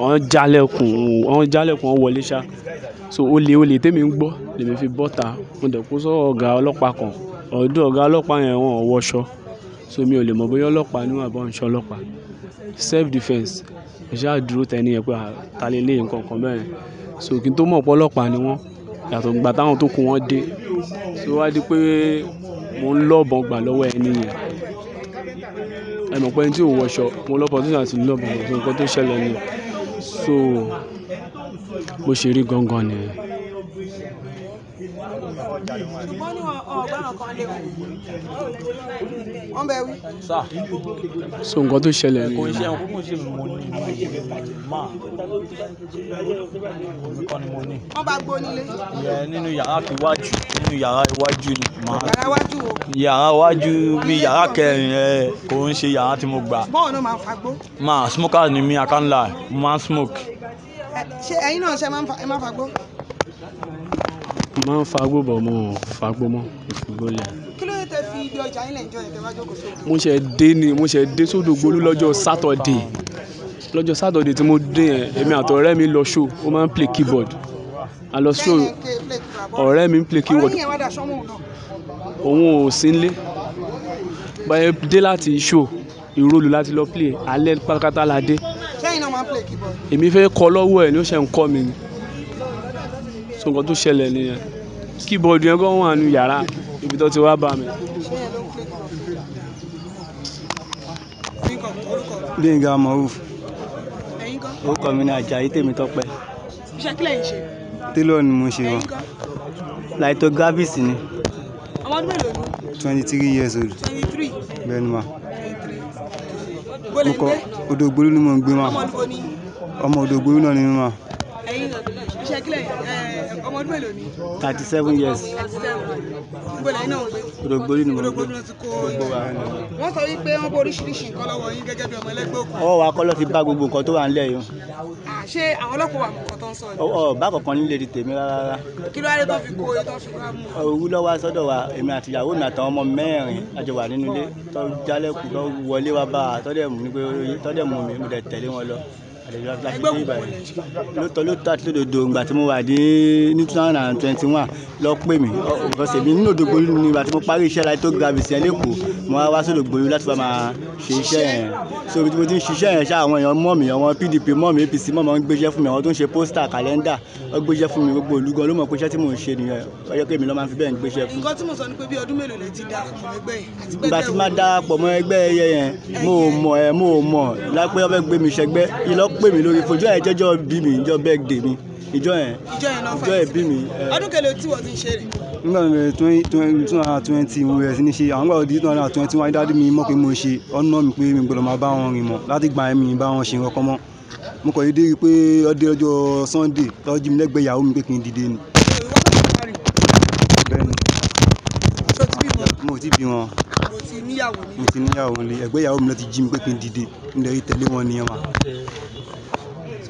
wọ́n jálẹ̀kùn wọ́n jálẹ̀kùn wọ́n wọlé ṣá so olè olè tèmi ń gbọ́ lèmi fi bọ́ta mo dẹ̀ kó sọ́wọ́ ọ̀gá ọlọ́pàá kan ọ̀dọ̀ ọ̀gá ọlọ́pàá yẹn wọn ò wọṣọ so mi ò lè mọ̀ bóyá ọlọ́pàá ni wọ́n àbọ̀ ń ṣọ́ ọlọ́pàá self defence mo ṣáà dúró tẹni yẹn pé ta lè lé nǹkan kan bẹ́ẹ̀ so kí n tó mọ̀ pé ọlọ́pàá ni wọ́n yàtọ̀ gbà táwọn tó kù wọ́n dé so wá di pé mo ń lọ́bọ̀n gbà lọ́wọ́ ẹni yẹn ẹ mọ̀ pé ẹni tí ò wọṣọ mo lọ́bọ̀n tó yàn sí nǹkan tó ṣẹlẹ̀ nìyẹn so bó ṣe rí gangan nìyẹn so nǹkan tó ṣẹlẹ̀ ni wọ́n bá gbó nílé. nínú yàrá iwájú nínú yàrá iwájú ni màá yàrá iwájú bí yàrá kẹrin ẹ kò ń ṣe yàrá tí mo gbà. máa smoker ni mí akánlá máa smoke. ṣé ẹ̀yin náà ṣe máa ń máa ń fagbó bọ̀ mọ́ ò fagbó mọ́ ìfigbó lẹ̀. kí ló dé tẹ fi ibi ọjà yín lẹ̀ ń jọ yẹn tẹ wá jókòó sódò. mo ṣe dé ni mo ṣe dé sódò gbolú lọ́jọ́ sátọ̀dé lọ́jọ́ sátọ̀dé tí mo dé yẹn èmi àtọ̀rẹ́ mi lọ show ó máa ń play keyboard a lọ show ọ̀rẹ́ mi ń play keyboard òun ò sí nílé báyẹn dé láti show ìrólù láti lọ play alẹ́ pátákátá la dé. sẹ́yìn náà máa ń play keyboard. èmi fẹ́ kọ́ lọ́wọ́ ẹ̀ ni ó ṣe ń kọ́ mi ni so nǹkan tó ṣẹlẹ̀ nìyẹn keyboard yẹn gan wà nù yàrá ibi tó ti wá bá mi. Gbénga Moruf orúkọ mi ni Àjàyí Tèmítọ́pẹ́ télọ̀ ni mo ṣe wọn lithographist ni twenty three years old bẹ́ẹ̀ ni ma mo kọ Odògbolú ni mo ń gbé ma ọmọ Odògbolú náà ni mi ma thirty seven years. thirty ni mo gbogbo wa. wọ́n sọ wípé wọ́n bó oríṣiríṣi nǹkan lọ́wọ́ yín gẹ́gẹ́ bí ọmọ ẹlẹ́gbẹ́ òkú. ọwọ́ wa kọ́ ti bá gbogbo nǹkan tó wà nílẹ̀ yìí. ṣé àwọn ọlọ́pàá wà kọ̀ọ̀kan tó ń sọ ni. ọ bá kọ̀ọ̀kan nílé tèmi rárá. kí ló wá dé tó fi kó o tó fi wá mú. owó lọ sọ́dọ̀ wa èmi àti ìyàwó mi àtàwọn ọmọ mẹ́rin àjọ wà nínú ilé tó jálẹ̀kùn tó wọlé wa bá a tọ́dẹ̀ ẹgbẹ́ wo wọlé ṣe. lóòótọ́ lóòótọ́ àti lódodo ìgbà tí mo wà ní ní two thousand and twenty one lọ pè mí because èmi nínú òdògbò ní ìgbà tí mo parí iṣẹ́ láti tó gravity ẹ̀ lẹ́kọ̀ọ́ mo wá wá sódògbò yìí láti wá máa ṣe iṣẹ́ yẹn so ibi tí mo ti ń ṣiṣẹ́ yẹn ṣá àwọn èèyàn mọ̀ mí àwọn PDP mọ̀ mí APC mọ̀ mọ́ ń gbéṣẹ́ fún mi àwọn tó ń ṣe pósítà kàlẹ́ndà ó gbéṣẹ́ fún mi gbogbo olúgan ló mọ̀ pé iṣẹ́ tí mò ń ṣe nìyẹn ó yẹ kí èmi lọ́ máa fi bẹ́ẹ̀ ń gbéṣẹ́ fún. nǹkan tí mo sọ ni pé bí ọdún mélòó lè ti darapọ̀ mọ́ ẹgbẹ́ yẹn. ìgbà tí má darapọ̀ mọ́ ẹgbẹ́ yẹn mo mọ̀ ẹ́ mo mọ̀ lápẹ́ ọ pè mí lórí fún ìjọ yẹn jẹ́jọ́ bí mi ìjọ birthday mi ìjọ yẹn ìjọ yẹn bí mi. ọdún kẹlẹ tí wọ́n ti ń ṣe rè. nígbà mi twenty twenty two hundred twenty mo rẹ̀ sí ní ṣe àwọn gbàgbọ́ di two hundred twenty one dáadé mi mọ̀ pé mo ṣe ọ̀nà mi pé mi gbọ́dọ̀ máa bá wọn rìn mọ́ láti gbà ẹ́ mi bá wọn ṣe nǹkan kan mọ́ mo kàn yí dé pé ọdẹ ọjọ́ Sunday tọ́jú mi lẹ́gbẹ̀ẹ́ ìyàwó mi pé kí n dìde ni. mo ti bí wọn mo ti níyàwó nílé ẹgbẹ́ ìyàwó mi ló ti jí mi pé kí n dìde nítorí tẹ̀lé wọn nìyẹn wa.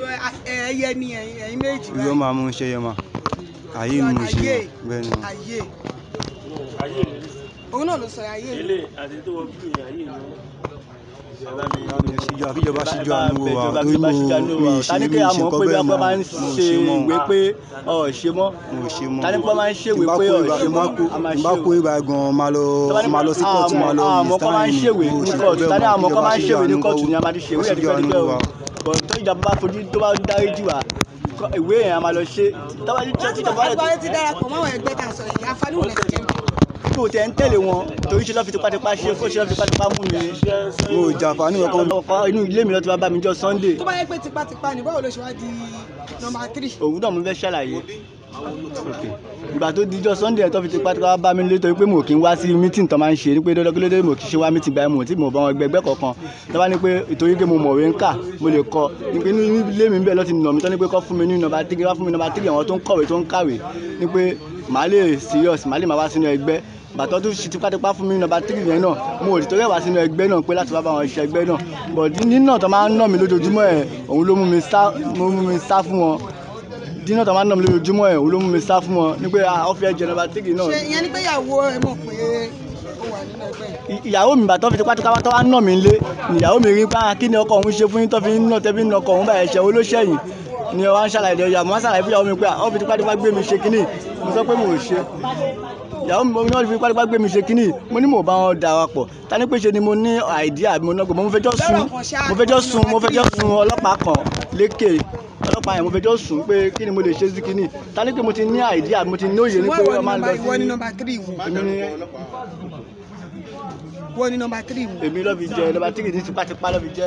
Eh, eh, ẹyẹ ni ẹyin méjì báyìí. yóò máa mú un ṣe yẹn ma ayé mú un ṣe yẹn bẹ́ẹ̀ ni. ayé òun náà ló sọ ayé. ilé àti tó wọ bí ayé ni síjọ àbíjọba síjọ àánú wa inú mi ìṣe mi ìṣe kọ bẹ́ẹ̀ mọ́ mo ṣe mọ́ mo ṣe mọ́ n bá kó ibà gan ma lọ ma lọ sí kóòtù ma lọ mi sítáì mi mo ṣe bẹ́ẹ̀ mọ́ ìjọba síjọ àánú wa but tó ìjọba bá fojú tó bá dárí jù wá ìwé yẹn a máa lọ ṣe. tọ́wọ́ ti tẹ́tí ìjọba rẹ̀ tó. ti darapọ̀ mọ́ àwọn ẹgbẹ́ kan sọ̀rọ̀ yẹn afárí òun jẹ́ kò tẹ̀ ń tẹ̀lé wọn torí ṣe lọ́ fi ṣe kó ṣe lọ́ fi mú mi mo jàǹfààní ọkàn ọkọ inú ilé mi lọ́ ti wá bá mi jọ Sunday. tó bá yẹ pé tipátipá ni báwo ló ṣe wá di nọ́mbà three. òwúrọ̀ mo fẹ́ ṣàlàyé ìgbà tó dijọ́ sunday ẹ̀ tó fi ti pátá wá bá mi lé torí pé mo kì í wá sí mítìn tó máa ń ṣe ni pé dọ́dọ́ kí ló dé mo kì í ṣe wá mítìn gbà mo tí mo bá wọn gbẹgbẹ́ kọ̀ọ̀kan tó bá ní pé ìtòrí pé mo mọ̀wé ń kà mo lè kọ ní pé ilé mi bẹ́ẹ̀ lọ́ti nà mí tó ní pé kọ́ fún mi ní nọ́mbà tíkì wá fún mi nọ́mbà tíkì àwọn tó ń kọ̀wé tó ń kàwé ní pé màá lè serious màá lè máa wá sínú ẹgbẹ́ bàtọ́ tó ṣe tipátipá fún mi nọ́mbà tírì yẹn náà mo rí torí ẹ̀ wá sínú ẹgbẹ́ náà pé láti wá bá wọn ṣe ẹgbẹ́ náà bọ̀dí nínà tó máa ń nà mí lójoojúmọ́ ẹ̀ òun ló mú mi sá fún wọn tí náà tó máa ń nà mí lójoojúmọ́ ẹ̀ olómú mi sá fún wọn ní pé ọ̀fẹ́ ah, ẹ̀jẹ̀ nọmba tíkì náà. ṣe ìyẹn ni pé ìyàwó ẹ mọ̀ pé ó wà nínú ẹgbẹ́. ìyàwó mi bàtọ́ fi tipátipá tó wá nà mí lé ìyàwó mi rí pa ah, kí ni ọkọ òun ṣe fún yín tó fi ń nà tẹ́bí nà ọkọ òun bá ẹ̀ṣẹ̀ olóṣèyìn ni wọ́n ṣàlàyé ìyàwó mi ah, ní wọ́n fi pálípá gbé mi ṣe kínní mo ní mò bá wọn dà ta ni pé ni mo ní àìdíà mo mo fẹjọ́ mo fẹjọ́ sùn mo fẹjọ́ sùn ọlọ́pàá kan lékè ọlọ́pàá yẹn mo fẹjọ́ sùn pé kí ni mo lè ṣe sí kínní ta ni pé mo ti ní àìdí àbí mo ti ní òye ní pé wọ́n máa ń lọ sí. wọ́n ní nọ́mbà tírì wù. wọ́n ní nọ́mbà tírì wù. èmi lọ́ọ́ fi jẹ nọ́mbà tírì ní tipátipá lọ́ọ́ fi jẹ.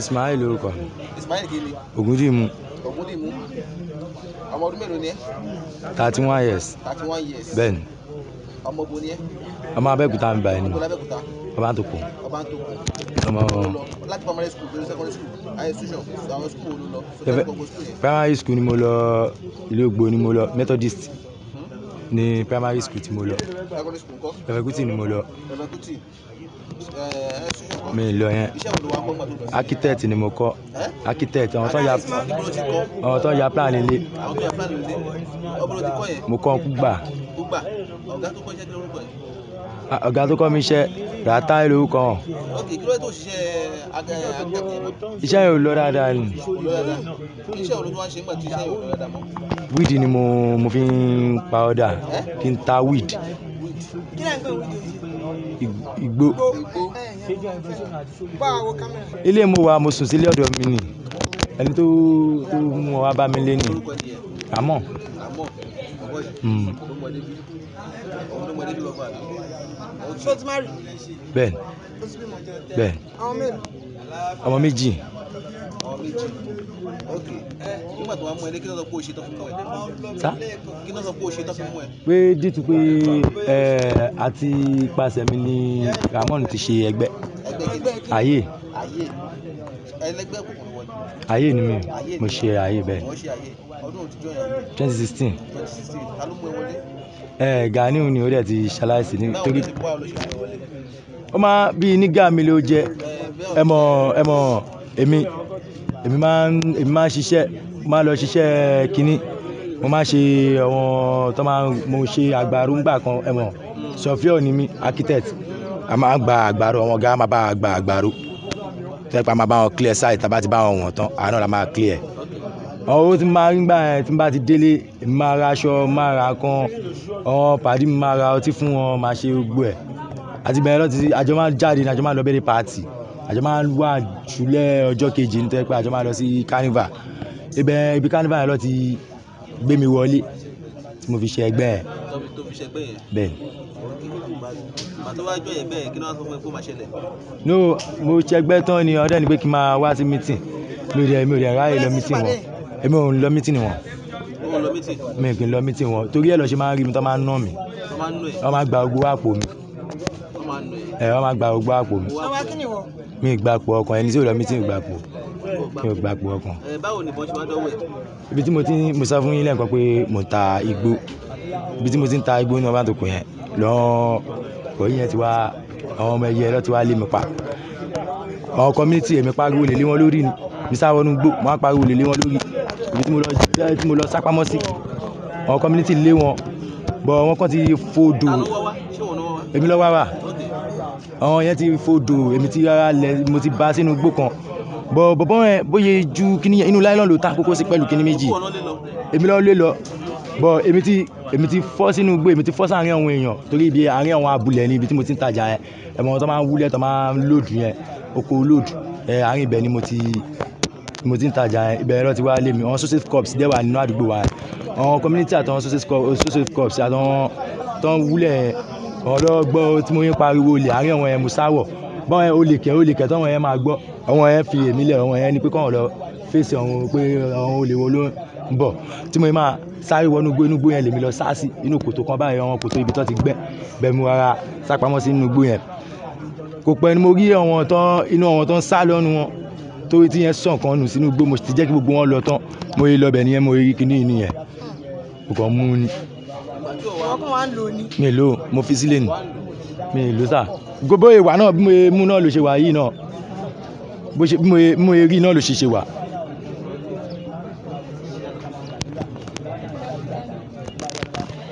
Ismail lorúkọ. Ismail kí ni. Ògúndìmú. Ògúndìmú. ọmọ ọdún mélòó ni ẹ. thirty one years. thirty one years. bẹ́ẹ̀ni. ọmọ bo ni ẹ. ọmọ Ọbántòkun ọmọ láti primary school to secondary school high school àwọn school wo ló lọ. primary school ni mo lọ ìlú Ògbó ni mo lọ Methodist hmm? ní primary school tí mo lọ Fẹfẹkútì ni mo lọ eh, mi lọ yẹn architect ni mo kọ́ eh? architect àwọn tó ya àwọn tó ya plan ilé mo kọ́ gbà. ọ̀gá tó kọ́ iṣẹ́ kí ló ń ọ̀gá tó kọ́ mi iṣẹ́ Ràtáì lórúkọ wọn. ókè kí ló tó ṣiṣẹ́ akẹ́kọ̀ọ́. iṣẹ́ yẹn ò lọ dáadáa ni. iṣẹ́ olójú wa ṣe ń gbà tí iṣẹ́ yẹn lọ dáadáa weed ni mo mo fi ń pa ọ̀dà kí n ta weed. kí lẹ́yìn pé weed igbó. ilé mo wà mo sùn sílé ọ̀dọ̀ mi ni ẹni tó tó mú wa bá mi lé ni àmọ́. Hmm. boy tó ọmọ méjì. ọmọ pé o pé ẹ. àti ipasẹ̀ mi ni Ramon ti ṣe ẹgbẹ́ ayé ayé ni mi mo ṣe ayé bẹ́ẹ̀ ọdún òtijọ́ yẹn. twenty sixteen. twenty sixteen ta ló mú ẹ wọlé. ẹ Gani ni o dẹ̀ ti ṣaláìsí ní torí ó máa bí nígà mi ló jẹ ẹ mọ ẹ mọ èmi èmi máa ń èmi máa ń ṣiṣẹ́ máa lọ ṣiṣẹ́ kínní mo máa ṣe àwọn tó máa mo ṣe àgbàrú ńgbà kan ẹ mọ sọfíọ ni mi architect a máa gba àgbàrú àwọn ọ̀gá máa bá a gba àgbàrú tẹ́pẹ́ a máa bá wọn clear site tá a bá ti bá wọn wọ̀n tán àánú la máa clear owó tí máa ń gbà yẹn tí n bá ti délé èmi máa ra aṣọ máa ra kan àwọn pàdí mi máa ra ọtí fún wọn máa ṣe gbogbo ẹ̀ àti bẹ̀rẹ̀ lọ́ti àjọ máa ń jáde ní àjọ máa ń lọ birthday party àjọ máa ń wà jùlẹ̀ ọjọ́ kejì ní tẹ́pẹ́ àjọ máa ń lọ sí carnival ibẹ̀ ibi carnival yẹn lọ́ti gbé mi wọlé tí mo fi ṣe ẹgbẹ́ ẹ̀. tó fi ṣe ẹgbẹ́ yẹn. bẹ́ẹ̀ bàtọ́wájú ẹ̀ bẹ́ẹ̀ kí ni wọ́n sọ fún ẹ kó máa no mo ṣẹgbẹ́ tán ni ọdẹ ni pé kí n máa wá sí meeting mi ò dẹ̀ mi ò dẹ̀ ráyè lọ meeting wọn èmi ò ń lọ mítìnì wọn mi kì í lọ mítìnì wọn torí ẹ̀ lọ ṣe máa ń rí mi tó máa ń nà mí wọ́n máa gba gbogbo àpò mi ẹ̀ wọ́n máa gba gbogbo àpò mi mi ì gbapò ọkàn ẹni tí ò lọ mítìnì gbapò mi ò gbapò ọkàn. báwo ni bọ́n ṣe máa dọ́wọ́ ẹ̀. ibi tí mo ti mo sá fún yín lẹ́ẹ̀kan pé mo ń ta igbó ibi tí mo ti ń ta igbó ní ọba tó kù yẹn lọ́ọ́ kò yẹn ti wá àwọn ọmọ ẹyẹ lọ́ọ́ ti wá lé mi pa àwọn community èmi pariwo lè lé wọn lórí ni mi sá wọnú gbó wọn pariwo lè lé wọn lórí ibi tí mo lọ tí mo lọ sápamọ́ sí àwọn community lé wọn bọ̀ wọ́n kàn ti fòdò èmi lọ́wọ́ wà àwọn yẹn ti fòdò èmi ti rárá lẹ mo ti bá sínú igbó kan bọ̀ bọ̀bọ̀ yẹn bóyá ju kíní yẹn inú láìlọ́n ló ta kókó sí pẹ̀lú kíní méjì èmi lọ́ọ́ lé lọ bọ̀ èmi ti èmi ti fọ́ sínú igbó èmi ti fọ́ sáàrin àwọn èèyàn torí ibi àárín àwọn abúlé ni ibi tí mo ti ń tajà yẹn ẹ̀mọ́ tó máa ń wúlẹ̀ tó máa ń lòdù yẹn oko lòdù ẹ̀ àárín ibẹ̀ ni mo ti tí mo ti ń tajà yẹn ibẹ̀ ẹ̀rọ ti wá lé mi àwọn sausage cups dẹ́ wà nínú àdúgbò wa àwọn community àtàwọn sausage cups àtàwọn tó wúlẹ̀ ọ̀rọ̀ gbọ́ tí mo ń pariwo olè àárín àwọn yẹn mo báwọn yẹn olè kẹ́ olè kẹ́ tọ́wọn yẹn máa gbọ́ àwọn yẹn fi èmi lẹ̀ àwọn yẹn ni pé kọ́wọn lọ fèsì ọ̀hún pé àwọn olè wo ló ń bọ̀ tí mo máa sáré wọnú gbó inú gbó yẹn lèmi lọ sáàsì inú kòtò kan báyìí àwọn kòtò ibi tó ti gbẹ bẹ́ẹ̀ mo sápamọ́ sí inú gbó yẹn kò pẹ́ ni mo rí àwọn tó inú àwọn tó sá lọ́nu wọn torí tí yẹn sàn kan nù sínú gbó mo ti jẹ́ kí gbogbo wọn lọ tán mo yé lọ́bẹ̀ nìyẹn mo yé kíní nìyẹn mo kàn mú ni. mi lò mo fi sílẹ̀ nù mi lò sà gbogbo ìwà náà bí mo yé mú náà ló ṣe wà yìí náà bó ṣe bí mo yé rí náà ló ṣe ṣe wà.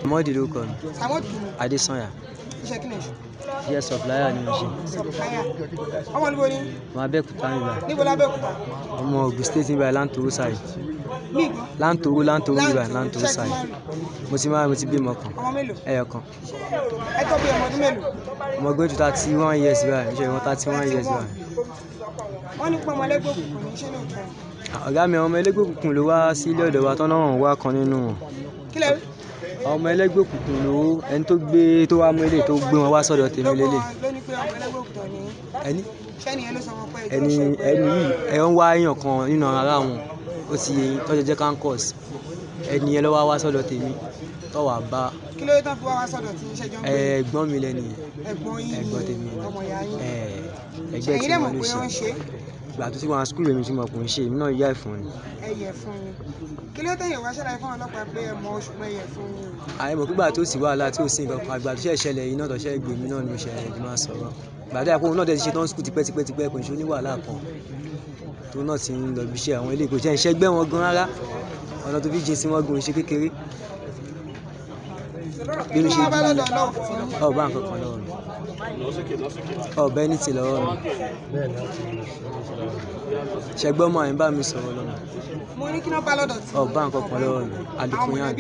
Mọ́ọ̀dì ló kọ́ ni ìṣù? iṣẹ́ supplier ni mo ṣe. ọmọ níbo ni. ọmọ abẹ́òkúta ń bá. níbo lábẹ́òkúta. ọmọ Ogun State ń bá Lantoro side. Lantoro Lantoro ń bá Lantoro side. mo ti máa mo ti bímọ kan. ọmọ mélòó. ẹyọ kan. ẹ tọ́ bí ọmọ ọdún mélòó. ọmọ gbẹ́jú thirty one years báyìí ṣe ìwọ̀n thirty one years báyìí. wọ́n ní pọ́nmọ́ ẹlẹ́gbẹ́ òkùnkùn ní iṣẹ́ náà ọ̀gá mi àwọn ọmọ ẹlẹ́gbẹ́ òkùnkùn ló wá sí ilé ọ̀dọ̀ wa tán náà wá kan nínú wọn. kílẹ̀ àwọn ọmọ ẹlẹ́gbẹ́ òkùnkùn ló ẹni tó gbé tó wá mú ilé tó gbé wọn wá sọ́dọ̀ tèmi lélẹ̀. ẹni ẹni ẹni yìí ẹ ń wá èèyàn kan nínú ara wọn ó ti yẹ tọ́jú jẹ́ kankos ẹni yẹn ló wá wá sọ́dọ̀ tèmi tó wà bá. kí ló dé tán fún wa wá sọ́dọ̀ tí iṣẹ́ jọ ń pè é. ẹ̀gbọ́n mi lẹ́nu yẹn ẹ̀gbọ́n tèmi ẹgbẹ́ tí mo lè ṣe ìgbà tó ti wà sukùlù mi tí mo kò ń ṣe èmi náà ẹ̀fọn ni. ẹ yẹ fún mi kí ló tẹ̀yìn wá ṣàlàyé fún ọlọ́pàá pé ẹ mọ oṣù pé yẹ fún yín. àyẹ̀mọ̀ pípa tó sì wàhálà tí ò sí nǹkan kan àgbà tó ṣẹ̀ ṣẹlẹ̀ yìí náà tó ṣẹ̀ gbèmí náà ló ṣẹlẹ̀ ẹ̀dùn máa sọ̀rọ̀ gbàdá àpò òun náà ti ṣe tán sùkúù tipẹ́tipẹ́tipẹ́ kò ń ṣe oníwàhálà kan tó náà ti ń lọ bí iṣẹ́ àwọn ilé ìgbésẹ̀ iṣẹ́ gbẹ́ wọn gan rárá ọ̀nà tó fi jìn sí wọn gùn ṣe kékeré bí mo ṣe di ọba nǹkan kan lọ́wọ́ mi ọ̀bẹ ní ti lọ́wọ́ mi ṣẹgbọ́n ọmọ àyìnbá mi sọ̀rọ̀ lọ́nà mo ní kí náà bá lọ́dọ̀ tí. ọba nǹkan kan lọ́wọ́ mi àdìkún yàn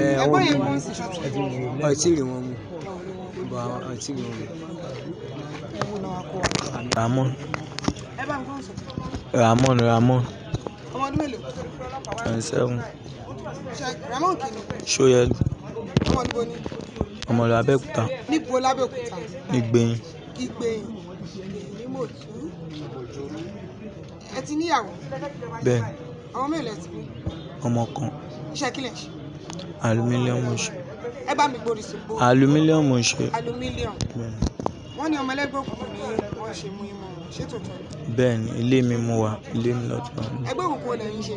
ẹ ọwọ́ mi ọtí rè wọ́n mu bọ̀ ọtí rè wọ́n mu. Ramon Ramon Ramon twenty seven. Ramon ọmọ ìlú abẹ́òkúta. níbo lábẹ́òkúta. ìgbẹ̀yìn. ìgbẹ̀yìn ìmọ̀tú ẹ ti níyàwó. bẹ́ẹ̀. ọmọ mélòó lẹ ti bí. ọmọ kan. iṣẹ́ kílẹ̀ ṣe. alumílíọ̀mù ṣe. ẹ bá mi gbórí sí gbó. alumílíọ̀mù ṣe. alumílíọ̀mù. wọ́n ní ọmọ ẹlẹ́gbẹ́ òkùnkùn ní wọ́n ṣe mú imọ̀ ṣé tòótọ́ ni. bẹ́ẹ̀ ilé mi mú wa ilé mi lọ́ọ́ ẹgbẹ́ òkùnkùn lẹ́yìn ṣe.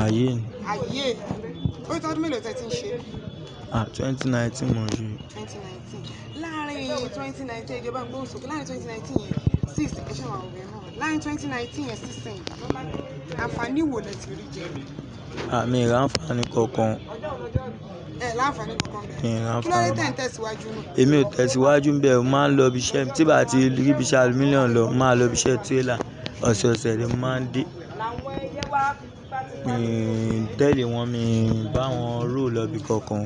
ààyè ni. ààyè ó tọ́dún mélòó tẹ́ ti ń ṣe. Ah, twenty nineteen mo ṣe. twenty nineteen láàárín twenty nineteen ìjọba ń gbóhùn sókè láàárín twenty nineteen yẹn six ẹ ṣe wà ọ̀rẹ́ náà láàárín twenty nineteen yẹn sísìn àǹfààní wo lẹ ti rí jẹ. àmì ìrà àǹfààní kankan. ẹ láǹfààní kankan bẹ́ẹ̀. ìrà àǹfààní. kí ló dé tẹ̀ ń tẹ̀síwájú náà. èmi ò tẹ̀síwájú ń bẹ̀ mo máa ń lọ ibi iṣẹ́ tí bá ti rí ibi iṣẹ́ alumílíọ̀n lọ máa lọ ibi iṣẹ́ tírélà ọ̀sẹ̀ọ̀sẹ̀ ni mo máa ń dé. làwọn ẹyẹ wá Mi tẹ̀lé wọn, mi bá wọn lọ ibi kankan.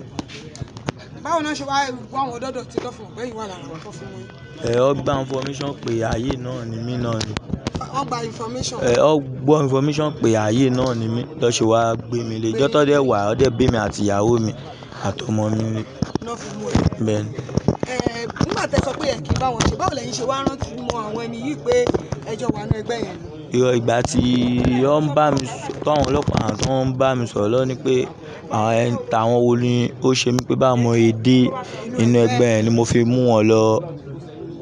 Báwo ni ṣe wá wá wọn dọ́dọ̀ tọ́ fi mọ̀ pé wà lára àwọn tó fún wọn? Ẹ̀, wọ́n information pé ààyè náà ni mí náà ni. Wọ́n information. Ẹ̀, wọ́n information pé ààyè náà ni mí, lọ ṣe wá gbé mi lé. Ijọ́ tó dé wà, ó dé bí mi àti ìyàwó mi àtọmọ mi lé. ẹ. nígbà tí sọ pé ẹ̀ kì í bá wọn ṣe, báwo lẹ̀yin ṣe wá rántí mọ àwọn ẹni yìí pé ẹjọ́ wà nínú ẹgbẹ́ yẹn Irọ́ ìgbà tí wọ́n ń bá mi, tí àwọn ọlọ́pàá tó ń bá mi sọ̀rọ̀ lọ ní pé àwọn ẹni táwọn wo ni ó ṣe mí pé bá mọ èdè inú ẹgbẹ́ yẹn ni mo fi mú wọn lọ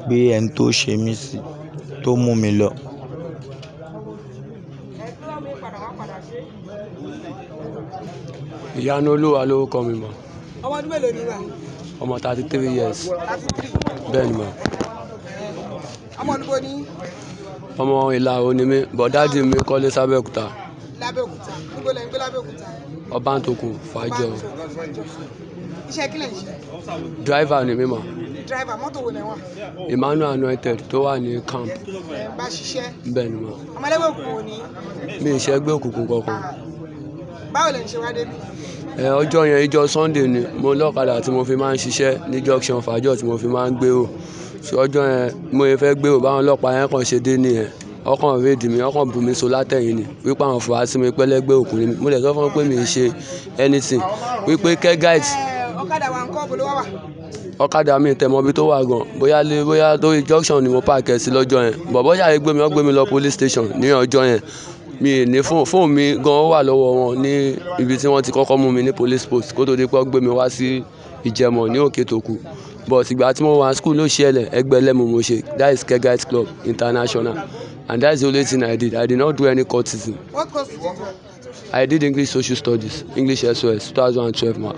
gbé ẹni tó ṣe mí sí tó mú mi lọ. Ìyanu Olúwa lórúkọ mi mọ̀. Ọmọ thirty three years. Bẹ́ẹ̀ ni mọ̀. Ọmọ ìlú ni? ọmọ ìlà òní mi bọ̀dáàdì mi kọ́lé sábẹ́òkúta. lábẹ́òkúta níbo lẹ́yìn pé lábẹ́òkúta. ọbàntòkù fàájọ. iṣẹ́ kílẹ̀ ń ṣe. dráìvà ni mímọ. dráìvà mọ́tò wo lẹ́wọ̀n. emmanuel anointed tó wà ní camp. ẹ bá ṣiṣẹ́. bẹ́ẹ̀ ni mo. ọmọlẹ́gbẹ́ òkùnkùn ni. mi ì ṣẹ́gbẹ́ òkùnkùn kankan. Ah. báwo lẹ ọjọ́ yẹn ìjọ sunday ni mo lọ́kadà tí mo fi máa ń ṣiṣẹ́ ní junction fàájọ tí mo fi máa ń gbérò ọjọ́ yẹn mo fẹ́ gbèrò báwọn ọlọ́pàá yẹn kàn ṣe dé nìyẹn wọ́n kàn rédì mi wọ́n kàn bù mí so látẹ̀yìn ni wípé àwọn afurasí mi pẹ́lẹ́gbẹ́ òkun ni mo lè sọ fún wọn pé mi ì ṣe anything wípé kẹ́gáìtì ọ̀kadà mi tẹ̀mọ́ bí tó wà gan bóyá lé bóyá lórí junction ni mo pààkì ẹ̀ sí lọ́jọ́ yẹn bọ̀bọ́ ṣàyè gbé mi wọ́n gbé mi lọ police station ní ọjọ́ yẹn mi ì ní fóònù fóònù mi gan wà lọ́wọ́ wọn ní ibi tí wọ́n ti kọ́kọ́ mú mi ní police post kó tó di pé wọ́n gbé mi wá sí ìjẹ̀mọ̀ ní òkè tó kù but ìgbà tí mo wà school ló ṣẹlẹ̀ ẹgbẹ́ lẹ́mu mo ṣe that is kegite club international and that is the only thing i did i did not do any courtism i did english social studies english sos two thousand and twelve ma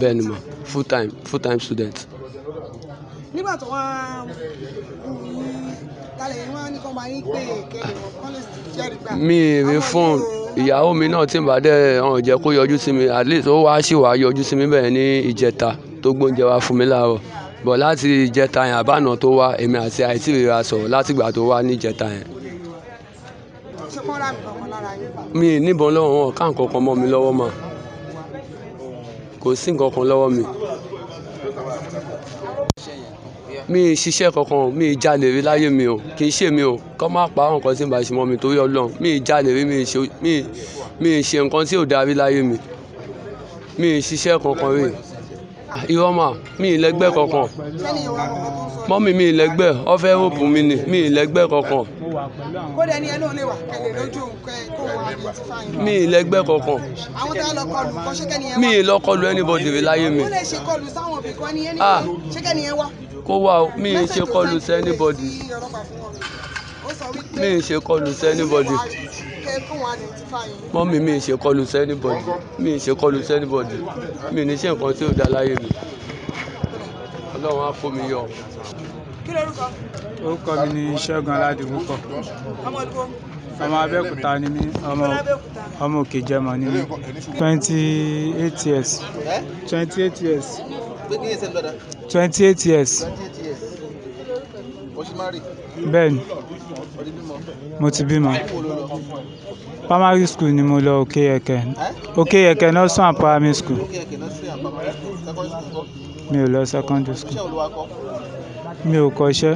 bẹ́ẹ̀ ni ma full time full time student. nígbà tó wá kalẹ̀ ni wọ́n ní kọ́ máa ń pè é kẹ́lẹ́ wọ́n mi fún ìyàwó mi náà tí n bá dẹ́ ọ̀hún jẹ́ kó yọjú sí mi at least ó wá sì wá yọjú sí mi bẹ́ẹ̀ ní ìjẹta tó gbóúnjẹ wá fún mi láàárọ̀ bọ̀ láti ìjẹta yẹn àbáàná tó wá èmi àti àìtí ìrora sọ̀rọ̀ látìgbà tó wá ní ìjẹta yẹn. mi ì níbọn lọ́wọ́ wọn ká nǹkan kan mọ́ mi lọ́wọ́ mà kò sí nǹkan kan lọ́wọ́ mi. mi ì ṣiṣẹ́ kankan mi ì jalè rí láyé mi o kì í ṣe mi o kọ́ má pa àwọn nǹkan tí ń bá ṣe mọ́ mi torí ọlọ́run mi ì jalè rí mi ṣe nǹkan tí ò darí láyé mi mi ṣiṣẹ́ kankan rí irọ́ mà mí ì lẹ́gbẹ́ kankan mọ́mí mi ì lẹ́gbẹ́ ọ̀fẹ́ hóòpù mi ni mí ì lẹ́gbẹ́ kankan. kódà ni ẹlòmíì lè wà mi ì kankan. mi ì anybody rí láyé mi. Ah. lè ṣe kọlù sáwọn òbí kan ah. kó wà mi ṣe kọlù sí anybody mi ì ṣe kọlù sí anybody mọ́mì mi ṣe kọlu sẹ́nibọ̀dì mi ṣe kọlu sẹ́nibọ̀dì mi ní ṣe nǹkan tí ò dá láyé mi ọlọ́run á fún mi yọ. kí lorúkọ. orúkọ mi ni ṣẹ́gun aládìmúkọ. ọmọ ìlú wo ọmọ abẹ́òkúta ni mí ọmọ ọmọ òkè jẹmọ ni mí twenty eight years twenty eight years twenty eight years. Ben, mo ti bímọ. Primary school ni mo lọ Òkè-Ẹ̀kẹ́. Òkè-Ẹ̀kẹ́ Nursery and Primary School. Mi ò lọ secondary school. Mi ò kọ iṣẹ́.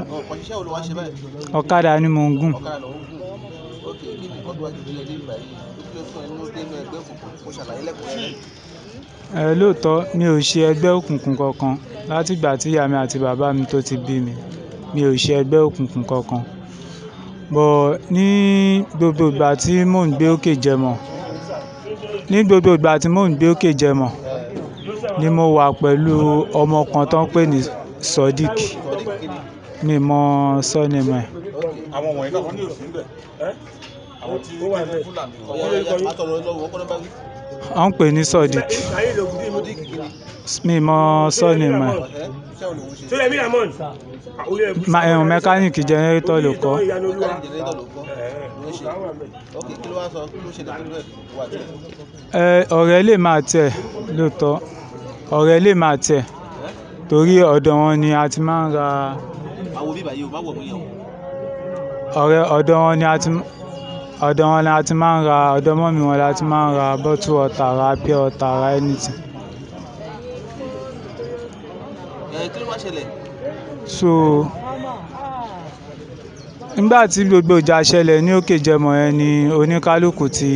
Ọ̀kadà ni mò ń gùn. Ẹ̀ lóòótọ́ mi ò ṣe ẹgbẹ́ òkùnkùn kankan láti tí ìyá mi àti bàbá mi tó ti bí mi mi ò ṣe ẹgbẹ́ òkùnkùn kankan. But ní gbogbo ìgbà tí mò ń gbé òkè Jẹmọ́, ní gbogbo ìgbà tí mò ń gbé òkè Jẹmọ́ ni mo wà pẹ̀lú ọmọ kan tó ń pè ní Sodiq. Mi ò mọ surname ẹ̀. Àwọn wọ̀nyí náà wọ́n ní òṣì ń bẹ̀. Àwọn tí ó wà ní Fúlàní à ń pè ní Sodiq mi mọ sọ́ọ̀nì mọ́ ma ẹ̀hún mẹkáníìkì jẹnẹrétọ̀ ló kọ́. ẹ ọ̀rẹ́ lè máa tiẹ̀ lóòótọ́ ọ̀rẹ́ lè máa tiẹ̀ torí ọ̀dọ̀ wọn ni a ti máa ń ra ọ̀rẹ́ ọ̀dọ̀ wọn ni a ti máa ń ra Ọ̀dọ̀ wọn ni a ti máa ń ra, ọ̀dọ̀ mummy wọn ni a ti máa ń ra bottle water, ra pure water, ra anything. Eh, kí ló máa ṣẹlẹ̀? So, nígbà tí gbogbo ìjà ṣẹlẹ̀ ní òkè Jẹmọ yẹn ni oníkálukú ti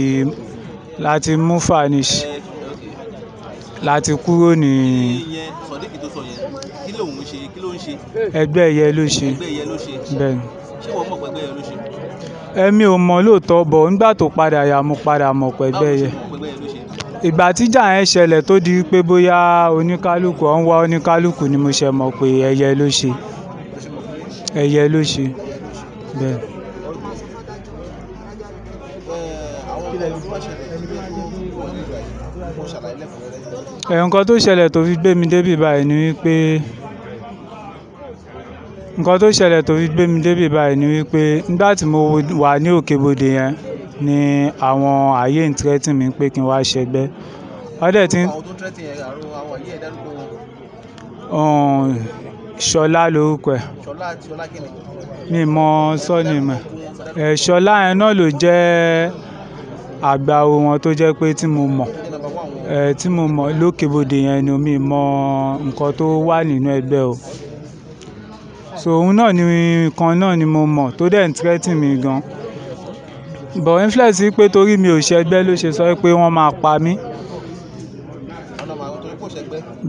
láti mú fanish, eh, láti kúrò ní. Ẹgbẹ́ ẹyẹ ló ṣe. Bẹ́ẹ̀ ni. Ẹ̀mi ò mọ̀ lóòótọ́ but nígbà tó padà yá, mo padà mọ̀ pẹ̀lú ẹyẹ. Ìgbà tí ìjà yẹn ṣẹlẹ̀ tó di wípé bóyá oníkálukú, wọ́n ń wá oníkálukú ni mo ṣẹ̀ mọ̀ pé ẹyẹ ló ṣe, ẹyẹ ló ṣe. Bẹ́ẹ̀. Ẹ̀ tó ṣẹlẹ̀ tó fi gbé mi dé báyìí ni wípé. Nǹkan tó ṣẹlẹ̀ tó fi gbé mi dé báyìí ni wípé nígbà tí mo wà ní òkèbodè yẹn ni àwọn ayé ń threaten mi pé kí n wá ṣẹgbẹ́. Wọ́n dẹ̀ ti ń Òun, Ṣọlá lórúkọ ẹ̀. Mi ò mọ surname ẹ̀. Ṣọlá yẹn náà ló jẹ́ àgbàwo wọn tó jẹ́ pé tí mo mọ̀, tí mo mọ̀ lókèbodè yẹn ni mi mọ nǹkan tó wà nínú ẹgbẹ́ o. So òun náà ni nǹkan náà ni mo mọ̀ tó dẹ̀ ń threaten mi gan. But influence pé torí mi ò ṣẹgbẹ́ ló ṣe sọ pé wọ́n máa pa mí.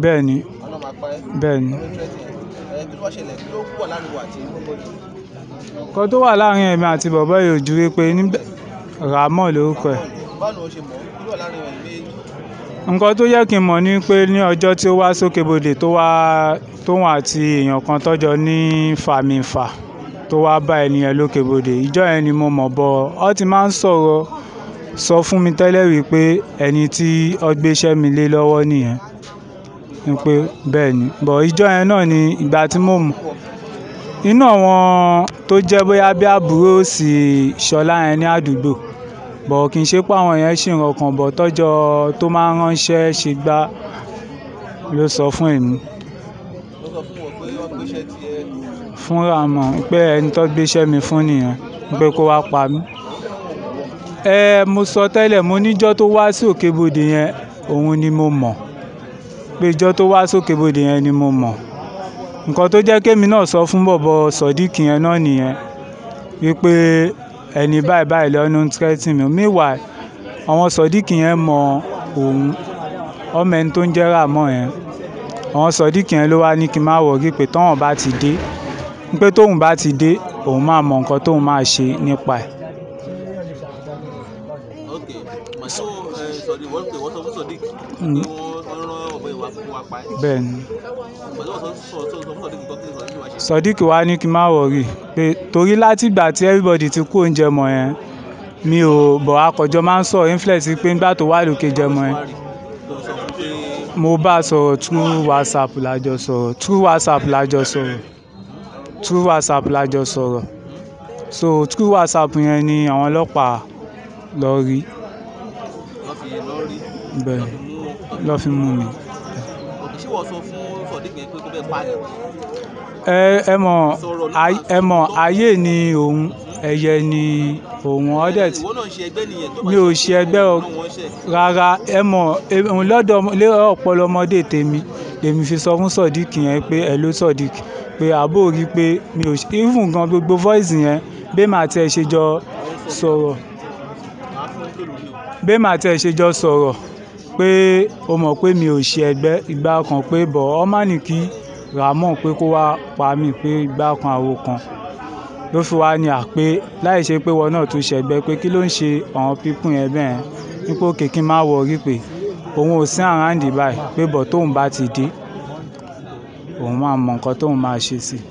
Bẹ́ẹ̀ni, bẹ́ẹ̀ni. Ǹkan tó wà láàárín èmi àti bọ̀bọ́ yìí ò ju wípé Ramọ́ lórúkọ ẹ̀. Nǹkan tó yẹ kí n mọ̀ ni pé ní ọjọ́ tí ó wá sókèbodè tó wá, tóun àti èèyàn kan tọ́jọ ní fàmìnfà tó wá bá ènìyàn lókèbodè, ijọ́ yẹn ni mo mọ̀ but. Ó ti máa ń sọ̀rọ̀ sọ fún mi tẹ́lẹ̀ wípé ẹni tí ó mi lé lọ́wọ́ nìyẹn. Wípé bẹ́ẹ̀ ni, but ijọ́ yẹn náà ni ìgbà tí mo mọ̀. Inú àwọn tó jẹ́ bóyá bí àbúrò sì Ṣọlá yẹn ní àdúgbò. Bọ̀ kì í ṣe pé àwọn èèyàn ṣì ń rọkàn bọ̀ tọ́jọ́ tó máa ń ránṣẹ́ ṣe gbá ló sọ fún èmi. Ó sọ fún wọn pé wọ́n gbé iṣẹ́ tí ẹ. Fúnra mọ̀ pé ẹni tó gbé mi fún nìyẹn, pé kó wá pa mí. Ehn, mo sọ tẹ́lẹ̀ mo ní tó wá sí òkèbòdè yẹn, òun ni mo mọ̀. Pé ijọ́ tó wá sí òkèbòdè yẹn ni mo mọ̀. Ǹkan tó jẹ́ kí náà sọ fún bọ̀bọ́ Sodiq yẹn náà nìyẹn. Wípé ẹni báyìí báyìí lọ́nu ń tírẹ́tì mi meanwhile àwọn sọ̀díkì yẹn mọ òun ọmọ ẹni tó ń jẹ́ ràmọ́ yẹn àwọn sọ̀díkì yẹn ló wá ní kí n má wọ̀rí pé tọ́wọ̀n bá ti dé pé tóun bá ti dé òun máa mọ nǹkan tóun máa ṣe nípa ẹ̀. bẹ́ẹ̀ni. Sodiq wá ní kí n má worry pé torí láti ìgbà tí everybody ti kó oúnjẹ mọ̀ yẹn, mi ò but akọ̀jọ máa ń sọ̀rọ̀ influence pé nígbà tó wà lókè jẹmọ yẹn. Mo bá sọ̀rọ̀ through WhatsApp la jọ sọ̀rọ̀, through WhatsApp la jọ sọ̀rọ̀, through WhatsApp la jọ sọ̀rọ̀. So through WhatsApp yẹn ni àwọn ọlọ́pàá lọ rí. Bẹ́ẹ̀ lọ fi mú mi ẹ mọ̀ ẹ mọ̀ ayé ni òun ẹyẹ ni òun ọdẹ tí mi ò ṣe ẹgbẹ́ o rárá ẹ mọ̀ òun lọ́dọ̀ ọpọlọ ọmọdé tèmi lèmi fi sọ fún sodiq yẹn pé ẹ ló sodiq pé àbó rí pé mi ò even gan gbogbo voice yẹn bẹ́ẹ̀ mà tẹ́ ẹ ṣe jọ sọ̀rọ̀ bẹ́ẹ̀ mà tẹ́ ẹ ṣe jọ sọ̀rọ̀ pé o mọ̀ pé mi ò ṣe ẹgbẹ́ ìgbà kan pé bọ̀ ọ́ má nìkí ramon pé kó wá pa mí pé igbá kan àwo kan ló fi wá ní àpé láì ṣe pé wọn náà tún ṣẹgbẹ́ pé kí ló ń ṣe àwọn pípùn yẹn bẹ́ẹ̀ nípò kìkì má wọrí pé òun ò sí àráǹdì báyìí pé bọ̀ tóun bá ti dé òun máa mọ nǹkan tóun máa ṣe sí i.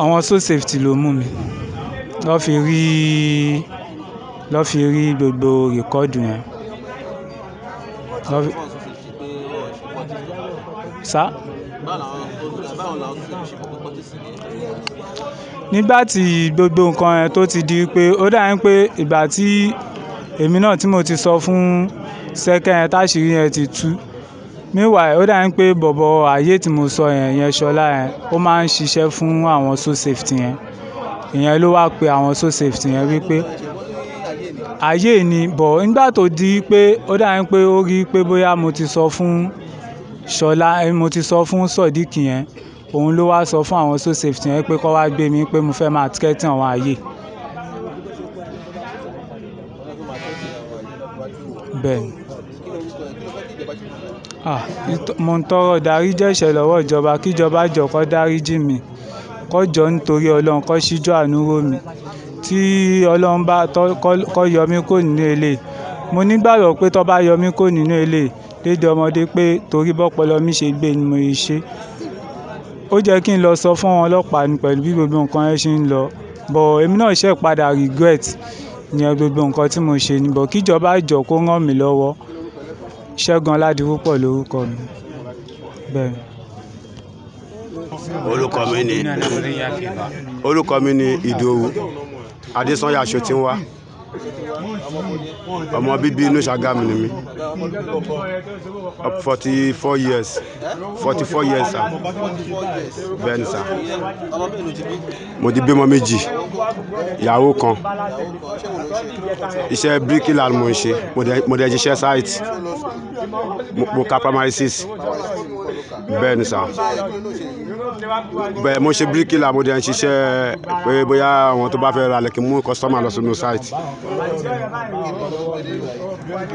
àwọn so safety ló mú mi lọ́ọ́ fi rí lọ́ọ́ fi rí gbogbo rìkọ́dù yẹn ça. Nígbà tí gbogbo nǹkan yẹn tó ti di pé ó dà n pé ìgbà tí èmi náà tí mo ti sọ fún sẹ́kẹ́ yẹn táṣìrí yẹn ti tú. Meanwhile, ó dà n pé bọ̀bọ́ ayé tí mo sọ yẹn, ìyẹn Ṣọlá yẹn, ó máa ń ṣiṣẹ́ fún àwọn so safety yẹn. Ìyẹn ló wá pe àwọn so safety yẹn wípé ààyè ni, but nígbà tó di pé ó dá pé ó rí pé bóyá mo ti sọ fún Ṣọlá, mo ti sọ fún Sodiq yẹn, òun ló wá sọ fún àwọn so safety yẹn pé kó wá gbé mi pé mo fẹ́ máa threaten àwọn ààyè. Ah, mo ń tọrọ ìdáríjì ẹ̀ṣẹ̀ lọ́wọ́ ìjọba kí ìjọba jọ̀ọ́ kó dáríjì mi, kó jọ̀ọ́ nítorí Ọlọ́run kó ṣíjú àánú wò mí tí Ọlọ́run bá kọ́ yọ mí kúrò nínú eléyìí. Mo nígbàgbọ́ pé tó bá yọ mí kúrò nínú eléyìí dédé ọmọdé pé torí bọ́pọlọ mi ṣe gbé ni mo se ṣe. Ó jẹ́ kí n lọ sọ fún àwọn ọlọ́pàá ni pẹ̀lú bí gbogbo nǹkan yẹn ṣe ń lọ. But èmi náà ṣẹ̀ padà regret ìyẹn gbogbo nǹkan tí mo ṣe ni. But kí ìjọba jọ kó rán mi lọ́wọ́. Ṣẹ́gun Ọládìpúpọ̀ lórúkọ mi. Bẹ́ẹ̀ni. Orúkọ mi ni, orúkọ mi ni Ìdòwú. Adésanyà Ṣòtínwá ọmọ bíbí inú Ṣàgámù ni mí up forty four years forty four years sir bẹ́ẹ̀ ni sir mo ti bímọ méjì ìyàwó kan iṣẹ́ bíríkìlà mo ń ṣe mo dẹ̀ ṣiṣẹ́ site mo ka primary six bẹ́ẹ̀ ni sir bẹ́ẹ̀ mo ṣe bíríkìlà mo dẹ̀ ń ṣiṣẹ́ pé bóyá àwọn tó bá fẹ́ ra lẹ́kìn mú kọ́sítọ́mà lọ sínú site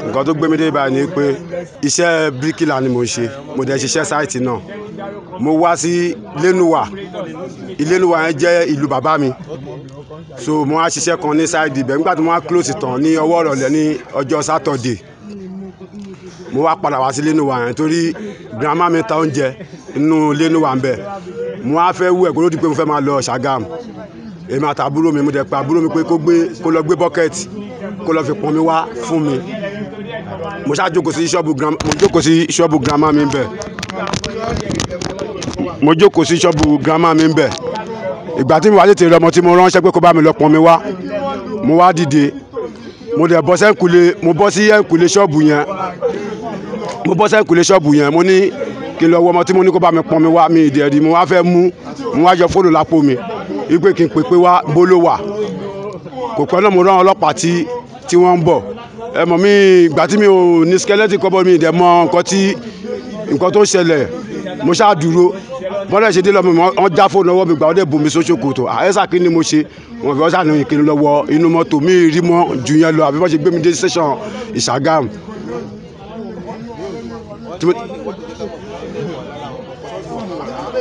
nǹkan tó gbé mi dé báyìí ni pé iṣẹ́ bíríkìlà ni mo ń ṣe mo dẹ̀ ṣiṣẹ́ sáìtì náà mo wá sí lẹ́nuwà ìlẹ́nuwà yẹn jẹ́ ìlú bàbá mi so mo wá ṣiṣẹ́ kan ní sáìdì ibẹ̀ nígbà tí mo wá close tán ní ọwọ́ ìrọ̀lẹ́ ní ọjọ́ sátọ̀dé mo wá padà wá sí lẹ́nuwà yẹn torí grandma mi ta oúnjẹ nínú lẹ́nuwà ń bẹ̀ mo wá fẹ́ wú ẹ̀kọ́ ló di pé mo fẹ́ máa lọ Ṣàgámù èmi àti àbúrò mi mo dẹ̀ pé àbúrò mi pé kó gbé kó lọ gbé bọ́kẹ́tì kó lọ fi pọn mi wá fún mi mo ṣáà jókòó sí ṣọ́ọ̀bù grandma mo jókòó sí ṣọ́ọ̀bù grandma mi bẹ̀ mo jókòó sí ṣọ́ọ̀bù grandma mi bẹ̀ ìgbà tí mo wá tètè rẹ ọmọ tí mo ránṣẹ́ pé kó bá mi lọ pọn mi wá mo wá dìde mo dẹ̀ bọ́ sẹ́ńkulé mo bọ́ sí ẹ̀ńkulé ṣọ́ọ̀bù yẹn mo bọ́ sẹ́ńkulé ṣọ́ọ̀bù yẹn mo ní kí n lọ wọ ọmọ tí mo ní kó bá mi pọn mi wá mi ìdí mo wá fẹ́ mú mo wá yọ fóònù lápò mi wípé kí n pèpè wá bó ló wà kò pẹ́ náà mo rán ọlọ́pàá tí tí wọ́n ń bọ̀ ẹ mọ̀ mí ìgbà tí mi ò ní skeleti kọ́bọ̀ mi dẹ̀ mọ nǹkan tí nǹkan tó ṣẹlẹ̀ mo ṣáà dúró bọ́dẹ̀ ṣe dé lọ́mọ mi wọ́n já fóònù ọwọ́ mi gbà wọ́n dẹ̀ bùnmi sóṣù kòtò àyẹ́sà kí ni mo ṣe wọ́n fi wọ́n ṣàánú ìkíni lọ́wọ́ inú mọ́tò mi rí mọ́ ju yẹn lọ àbí wọ́n ṣe gbé mi dé station Ìṣàgámù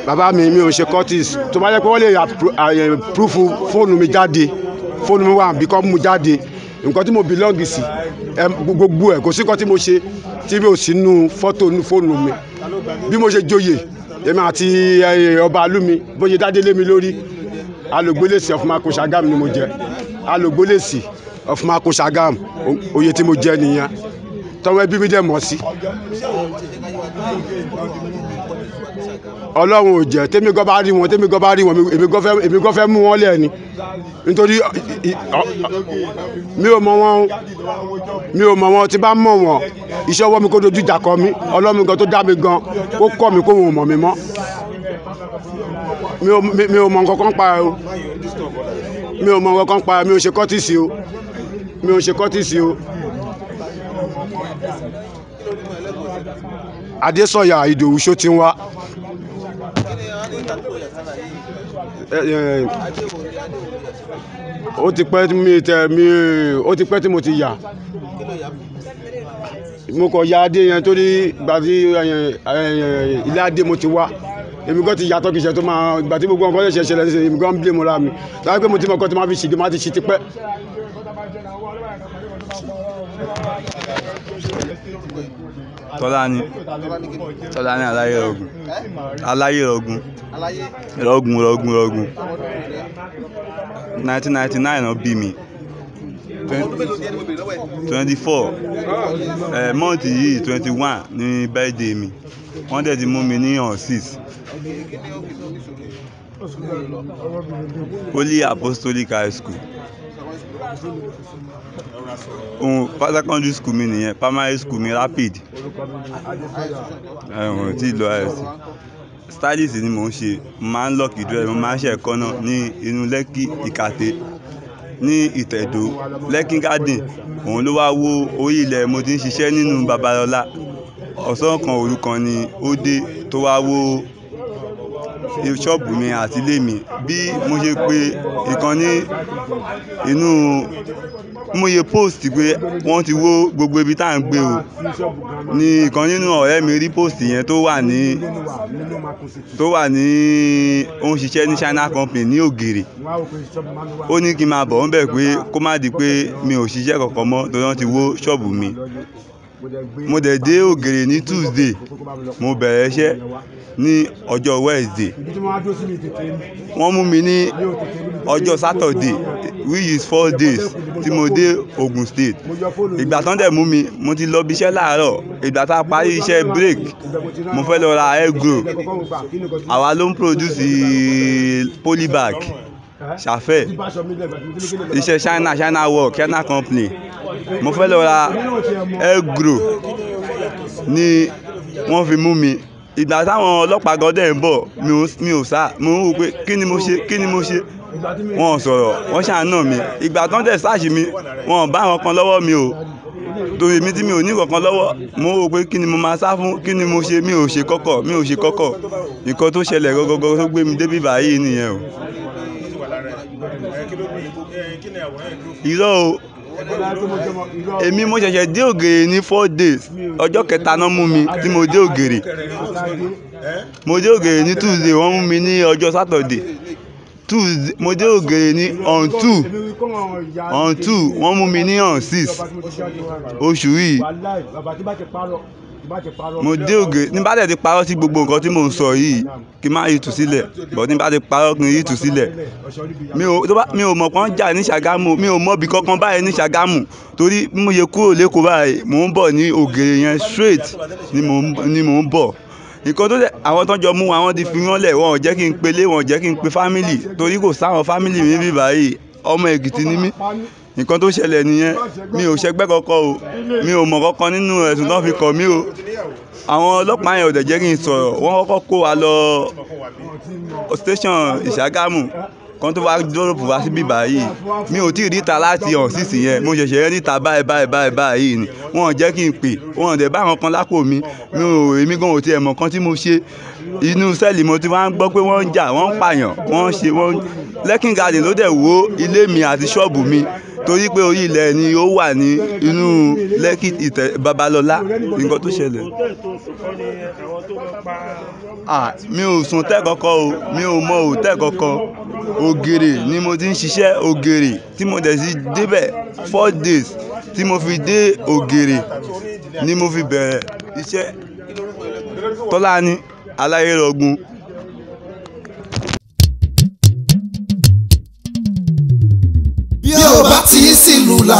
bàbá mi mi ò ṣe cortis tó bá yẹ pé wọ́n lè àpúrúfù eh, fóònù mi jáde fóònù mi wà bíkọ́ mu jáde nǹkan tí mo belong sí gbogbo ẹ̀ kò sí nǹkan tí mo ṣe tí mi ò sí nu fọ́tò fóònù mi bí mo ṣe joyè èmi àti ọba alumi bó ṣe dádé lé mi lórí alògbólèsì of mako sagam ni mo jẹ alògbólèsì of mako sagam oyè tí mo jẹ nìyẹn tọwọ́ ẹbí mi dẹ̀ mọ̀ sí ọlọ́run ò jẹ́ tèmi gan bá rí wọn tèmi gan bá rí wọn èmi gan fẹ́ mú wọn lẹ̀ ni nítorí mi ò mọ wọn mi ò mọ wọn tí bá mọ wọn iṣẹ́ ọwọ́ mi kó dojú ìjà kọ mi ọlọ́run gan tó dá mi gan kó kọ́ mi kó wọn ò mọ̀ mi mọ́ mi ò mọ nǹkan kan pa o mi ò mọ nǹkan kan pa mi ò ṣe kọ́tìsì o mi ò ṣe kọ́tìsì o. Adésọ̀yà Ìdòwú Ṣótínwá Eh, eh, eh. ó ti pẹ́ mi tẹ̀ mi ó ti pẹ́ tí mo ti yà mo kọ̀ ya adé yẹn torí ìgbà tí ilé adé mo ti wá èmi gan ti yàtọ̀ kìí ṣe tó máa ìgbà tí gbogbo nǹkan ṣẹ̀ṣẹ̀ ṣẹlẹ̀ ṣe èmi gan ń blé mo la mi láti pé mo ti mọ̀ kọ́ tí máa fi ṣìgì máa ti ṣì ti pẹ́. Tọ́lání Tọ́lání aláyé rọ̀gùn aláyé rọ̀gùn rọ̀gùn rọ̀gùn rọ̀gùn nineteen ninety nine ló mi twenty four mọ́ǹtì yìí twenty one ní bẹ́ẹ̀dẹ̀ mi wọ́n dẹ̀ ti mú mi ní on six Holy Apostolic High School ohun secondary à conduire nìyẹn primary school mi rapid ẹ̀wọ̀n tí ìlú àìsí stylist ni mò ń ṣe máa ń lọ́ọ̀kì dúrẹ́ mo máa ń ṣe ẹ̀kọ́ náà ní inú lẹ́kì ìkàtẹ́ ní ìtẹ̀dó lẹ́kì garden òun ló wá wó orí ilẹ̀ mo ti ń ṣiṣẹ́ nínú babalọ́lá ọ̀sán kan òru qu'on ni ó dé tó wá wó ṣọ́ọ̀bù mi àti ilé mi bí mo ṣe pé ìkànnì inú mo ṣe post pé wọ́n ti wó gbogbo ibi tá à ń gbé o ní ìkànnì nínú ọ̀rẹ́ mi rí post yẹn tó wà ní tó wà ní ó ń ṣiṣẹ́ ní China company ní ògèrè ó ní kí n máa bọ̀ ń bẹ̀ pé kó má di pé mi ò ṣiṣẹ́ kankan mọ́ torí wọ́n ti wó ṣọ́ọ̀bù mi. Mo dẹ̀ dé Ògèrè ní Tuesday, mo bẹ̀rẹ̀ iṣẹ́ ní ọjọ́ Wednesday. Wọ́n mú mi ní ọjọ́ Saturday, which is four days tí mo dé Ogun State. Ìgbà tán dẹ̀ mú mi, mo ti lọ ibi iṣẹ́ láàárọ̀. Ìgbà tá a parí iṣẹ́ break, mo fẹ́ lọ ra egg roll. Ah, Àwa ló ń produce ah, polybag ṣàfẹ́ iṣẹ́ China China work China company mo fẹ́ lọ ra egro ni wọ́n fi mú mi ìgbà táwọn ọlọ́pàá gan dẹ̀ ń bọ̀ mi ò sá mo ń wò pé kí ni mo ṣe kí ni mo ṣe wọn ò sọ̀rọ̀ wọ́n ṣàánà mi ìgbà tán tẹ̀ sáàṣì mi wọn ò bá àwọn kan lọ́wọ́ mi o torí mi tí mi ò ní kankan lọ́wọ́ mo rò pé kí ni mo máa sá fún kí ni mo ṣe mi ò ṣe kọ́kọ́ mi ò ṣe kọ́kọ́ nǹkan tó ṣẹlẹ̀ gọ́gọ́gọ́ tó gbé mi débi báyìí nìyẹn o irọ́ o èmi mo ṣẹ̀ṣẹ̀ dé ògèrè ní four days ọjọ́ kẹta náà mú mi tí mo dé ògèrè mo dé ògèrè ní tuesday wọ́n mú mi ní ọjọ́ saturday tuesday mo dé ògèrè ní on two on two wọ́n mú mi ní on six oṣù yìí mo dé ògè ní bá dẹ̀ ti parọ́ sí gbogbo nǹkan tí mò ń sọ yìí kí n má yìí tù sílẹ̀ bọ̀ ní bá ti parọ́ kí n yìí tù sílẹ̀ mi ò mọ̀ kán jà ní Ṣàgámù mi ò mọ̀ bí kankan báyìí ní Ṣàgámù torí mo yẹ kúrò lẹ́kọ̀ọ́ báyìí mò ń bọ̀ ní ògè yẹn straight ni mò ń bọ̀ nǹkan tó dẹ àwọn tó jọ mú àwọn ti fi wọn lẹ̀ wọn ò jẹ́ kí n pelé wọn ò jẹ́ kí n pe fámìlì torí kò sáwọn fámìlì mi bíbá yìí ọmọ Èkìtì ni mí nǹkan tó ṣẹlẹ̀ nìyẹn mi ò ṣẹgbẹ́ kọ́kọ́ o mi ò mọ̀ kọ́kọ́ nínú ẹ̀sùn tó fi kàn mí o àwọn ọlọ́pàá yẹn ò dẹ̀ jẹ́ kí n sọ̀rọ̀ wọ́n kọ́kọ́ kó wa lọ station ìṣàgámù kan tó wá dúró fún wa síbí báyìí mi ò tí ì ríta láti hàn sísìn yẹn mo ṣẹ̀ṣẹ̀ ríta báyìí báyìí báyìí báyìí ni wọ́n jẹ́ kí n pè wọ́n dẹ̀ bá àwọn kan lápò mi mi ò èmi gan ò tiẹ̀ mọ̀ kan tí mo ṣe inú sẹ́ẹ̀lì mo ti wá ń gbọ́ pé wọ́n ń jà wọ́n ń pààyàn wọ́n ń ṣe wọ́n Lẹ́kìn garden ló dẹ̀ wó ilé mi àti ṣọ́ọ̀bù mi torí pé orí ilẹ̀ ni ó wà ní inú Lẹ́kì ìtẹ̀ Babalọ́lá nǹkan tó ṣẹlẹ̀. mi ò sùn tẹ́kọ̀kọ́ o mi ò mọ òtẹ́ kọ̀kọ́ ògèrè ni mo ti ń ṣiṣẹ́ ògèrè tí mo dẹ̀ sí débẹ̀ four days tí mo fi dé ògèrè ni mo fi bẹ̀rẹ̀ iṣẹ́ Tọ́lání aláyérọ̀gùn. bí ó bá ti sílùú là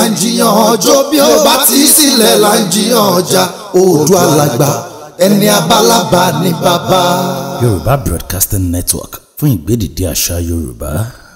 ọjọ́ bí ó bá ti sílẹ̀ là ọjà Oòduà alàgbà ẹni abálábá ni bàbá. Yorùbá Broadcasting Network fún ìgbédìde àṣà Yorùbá.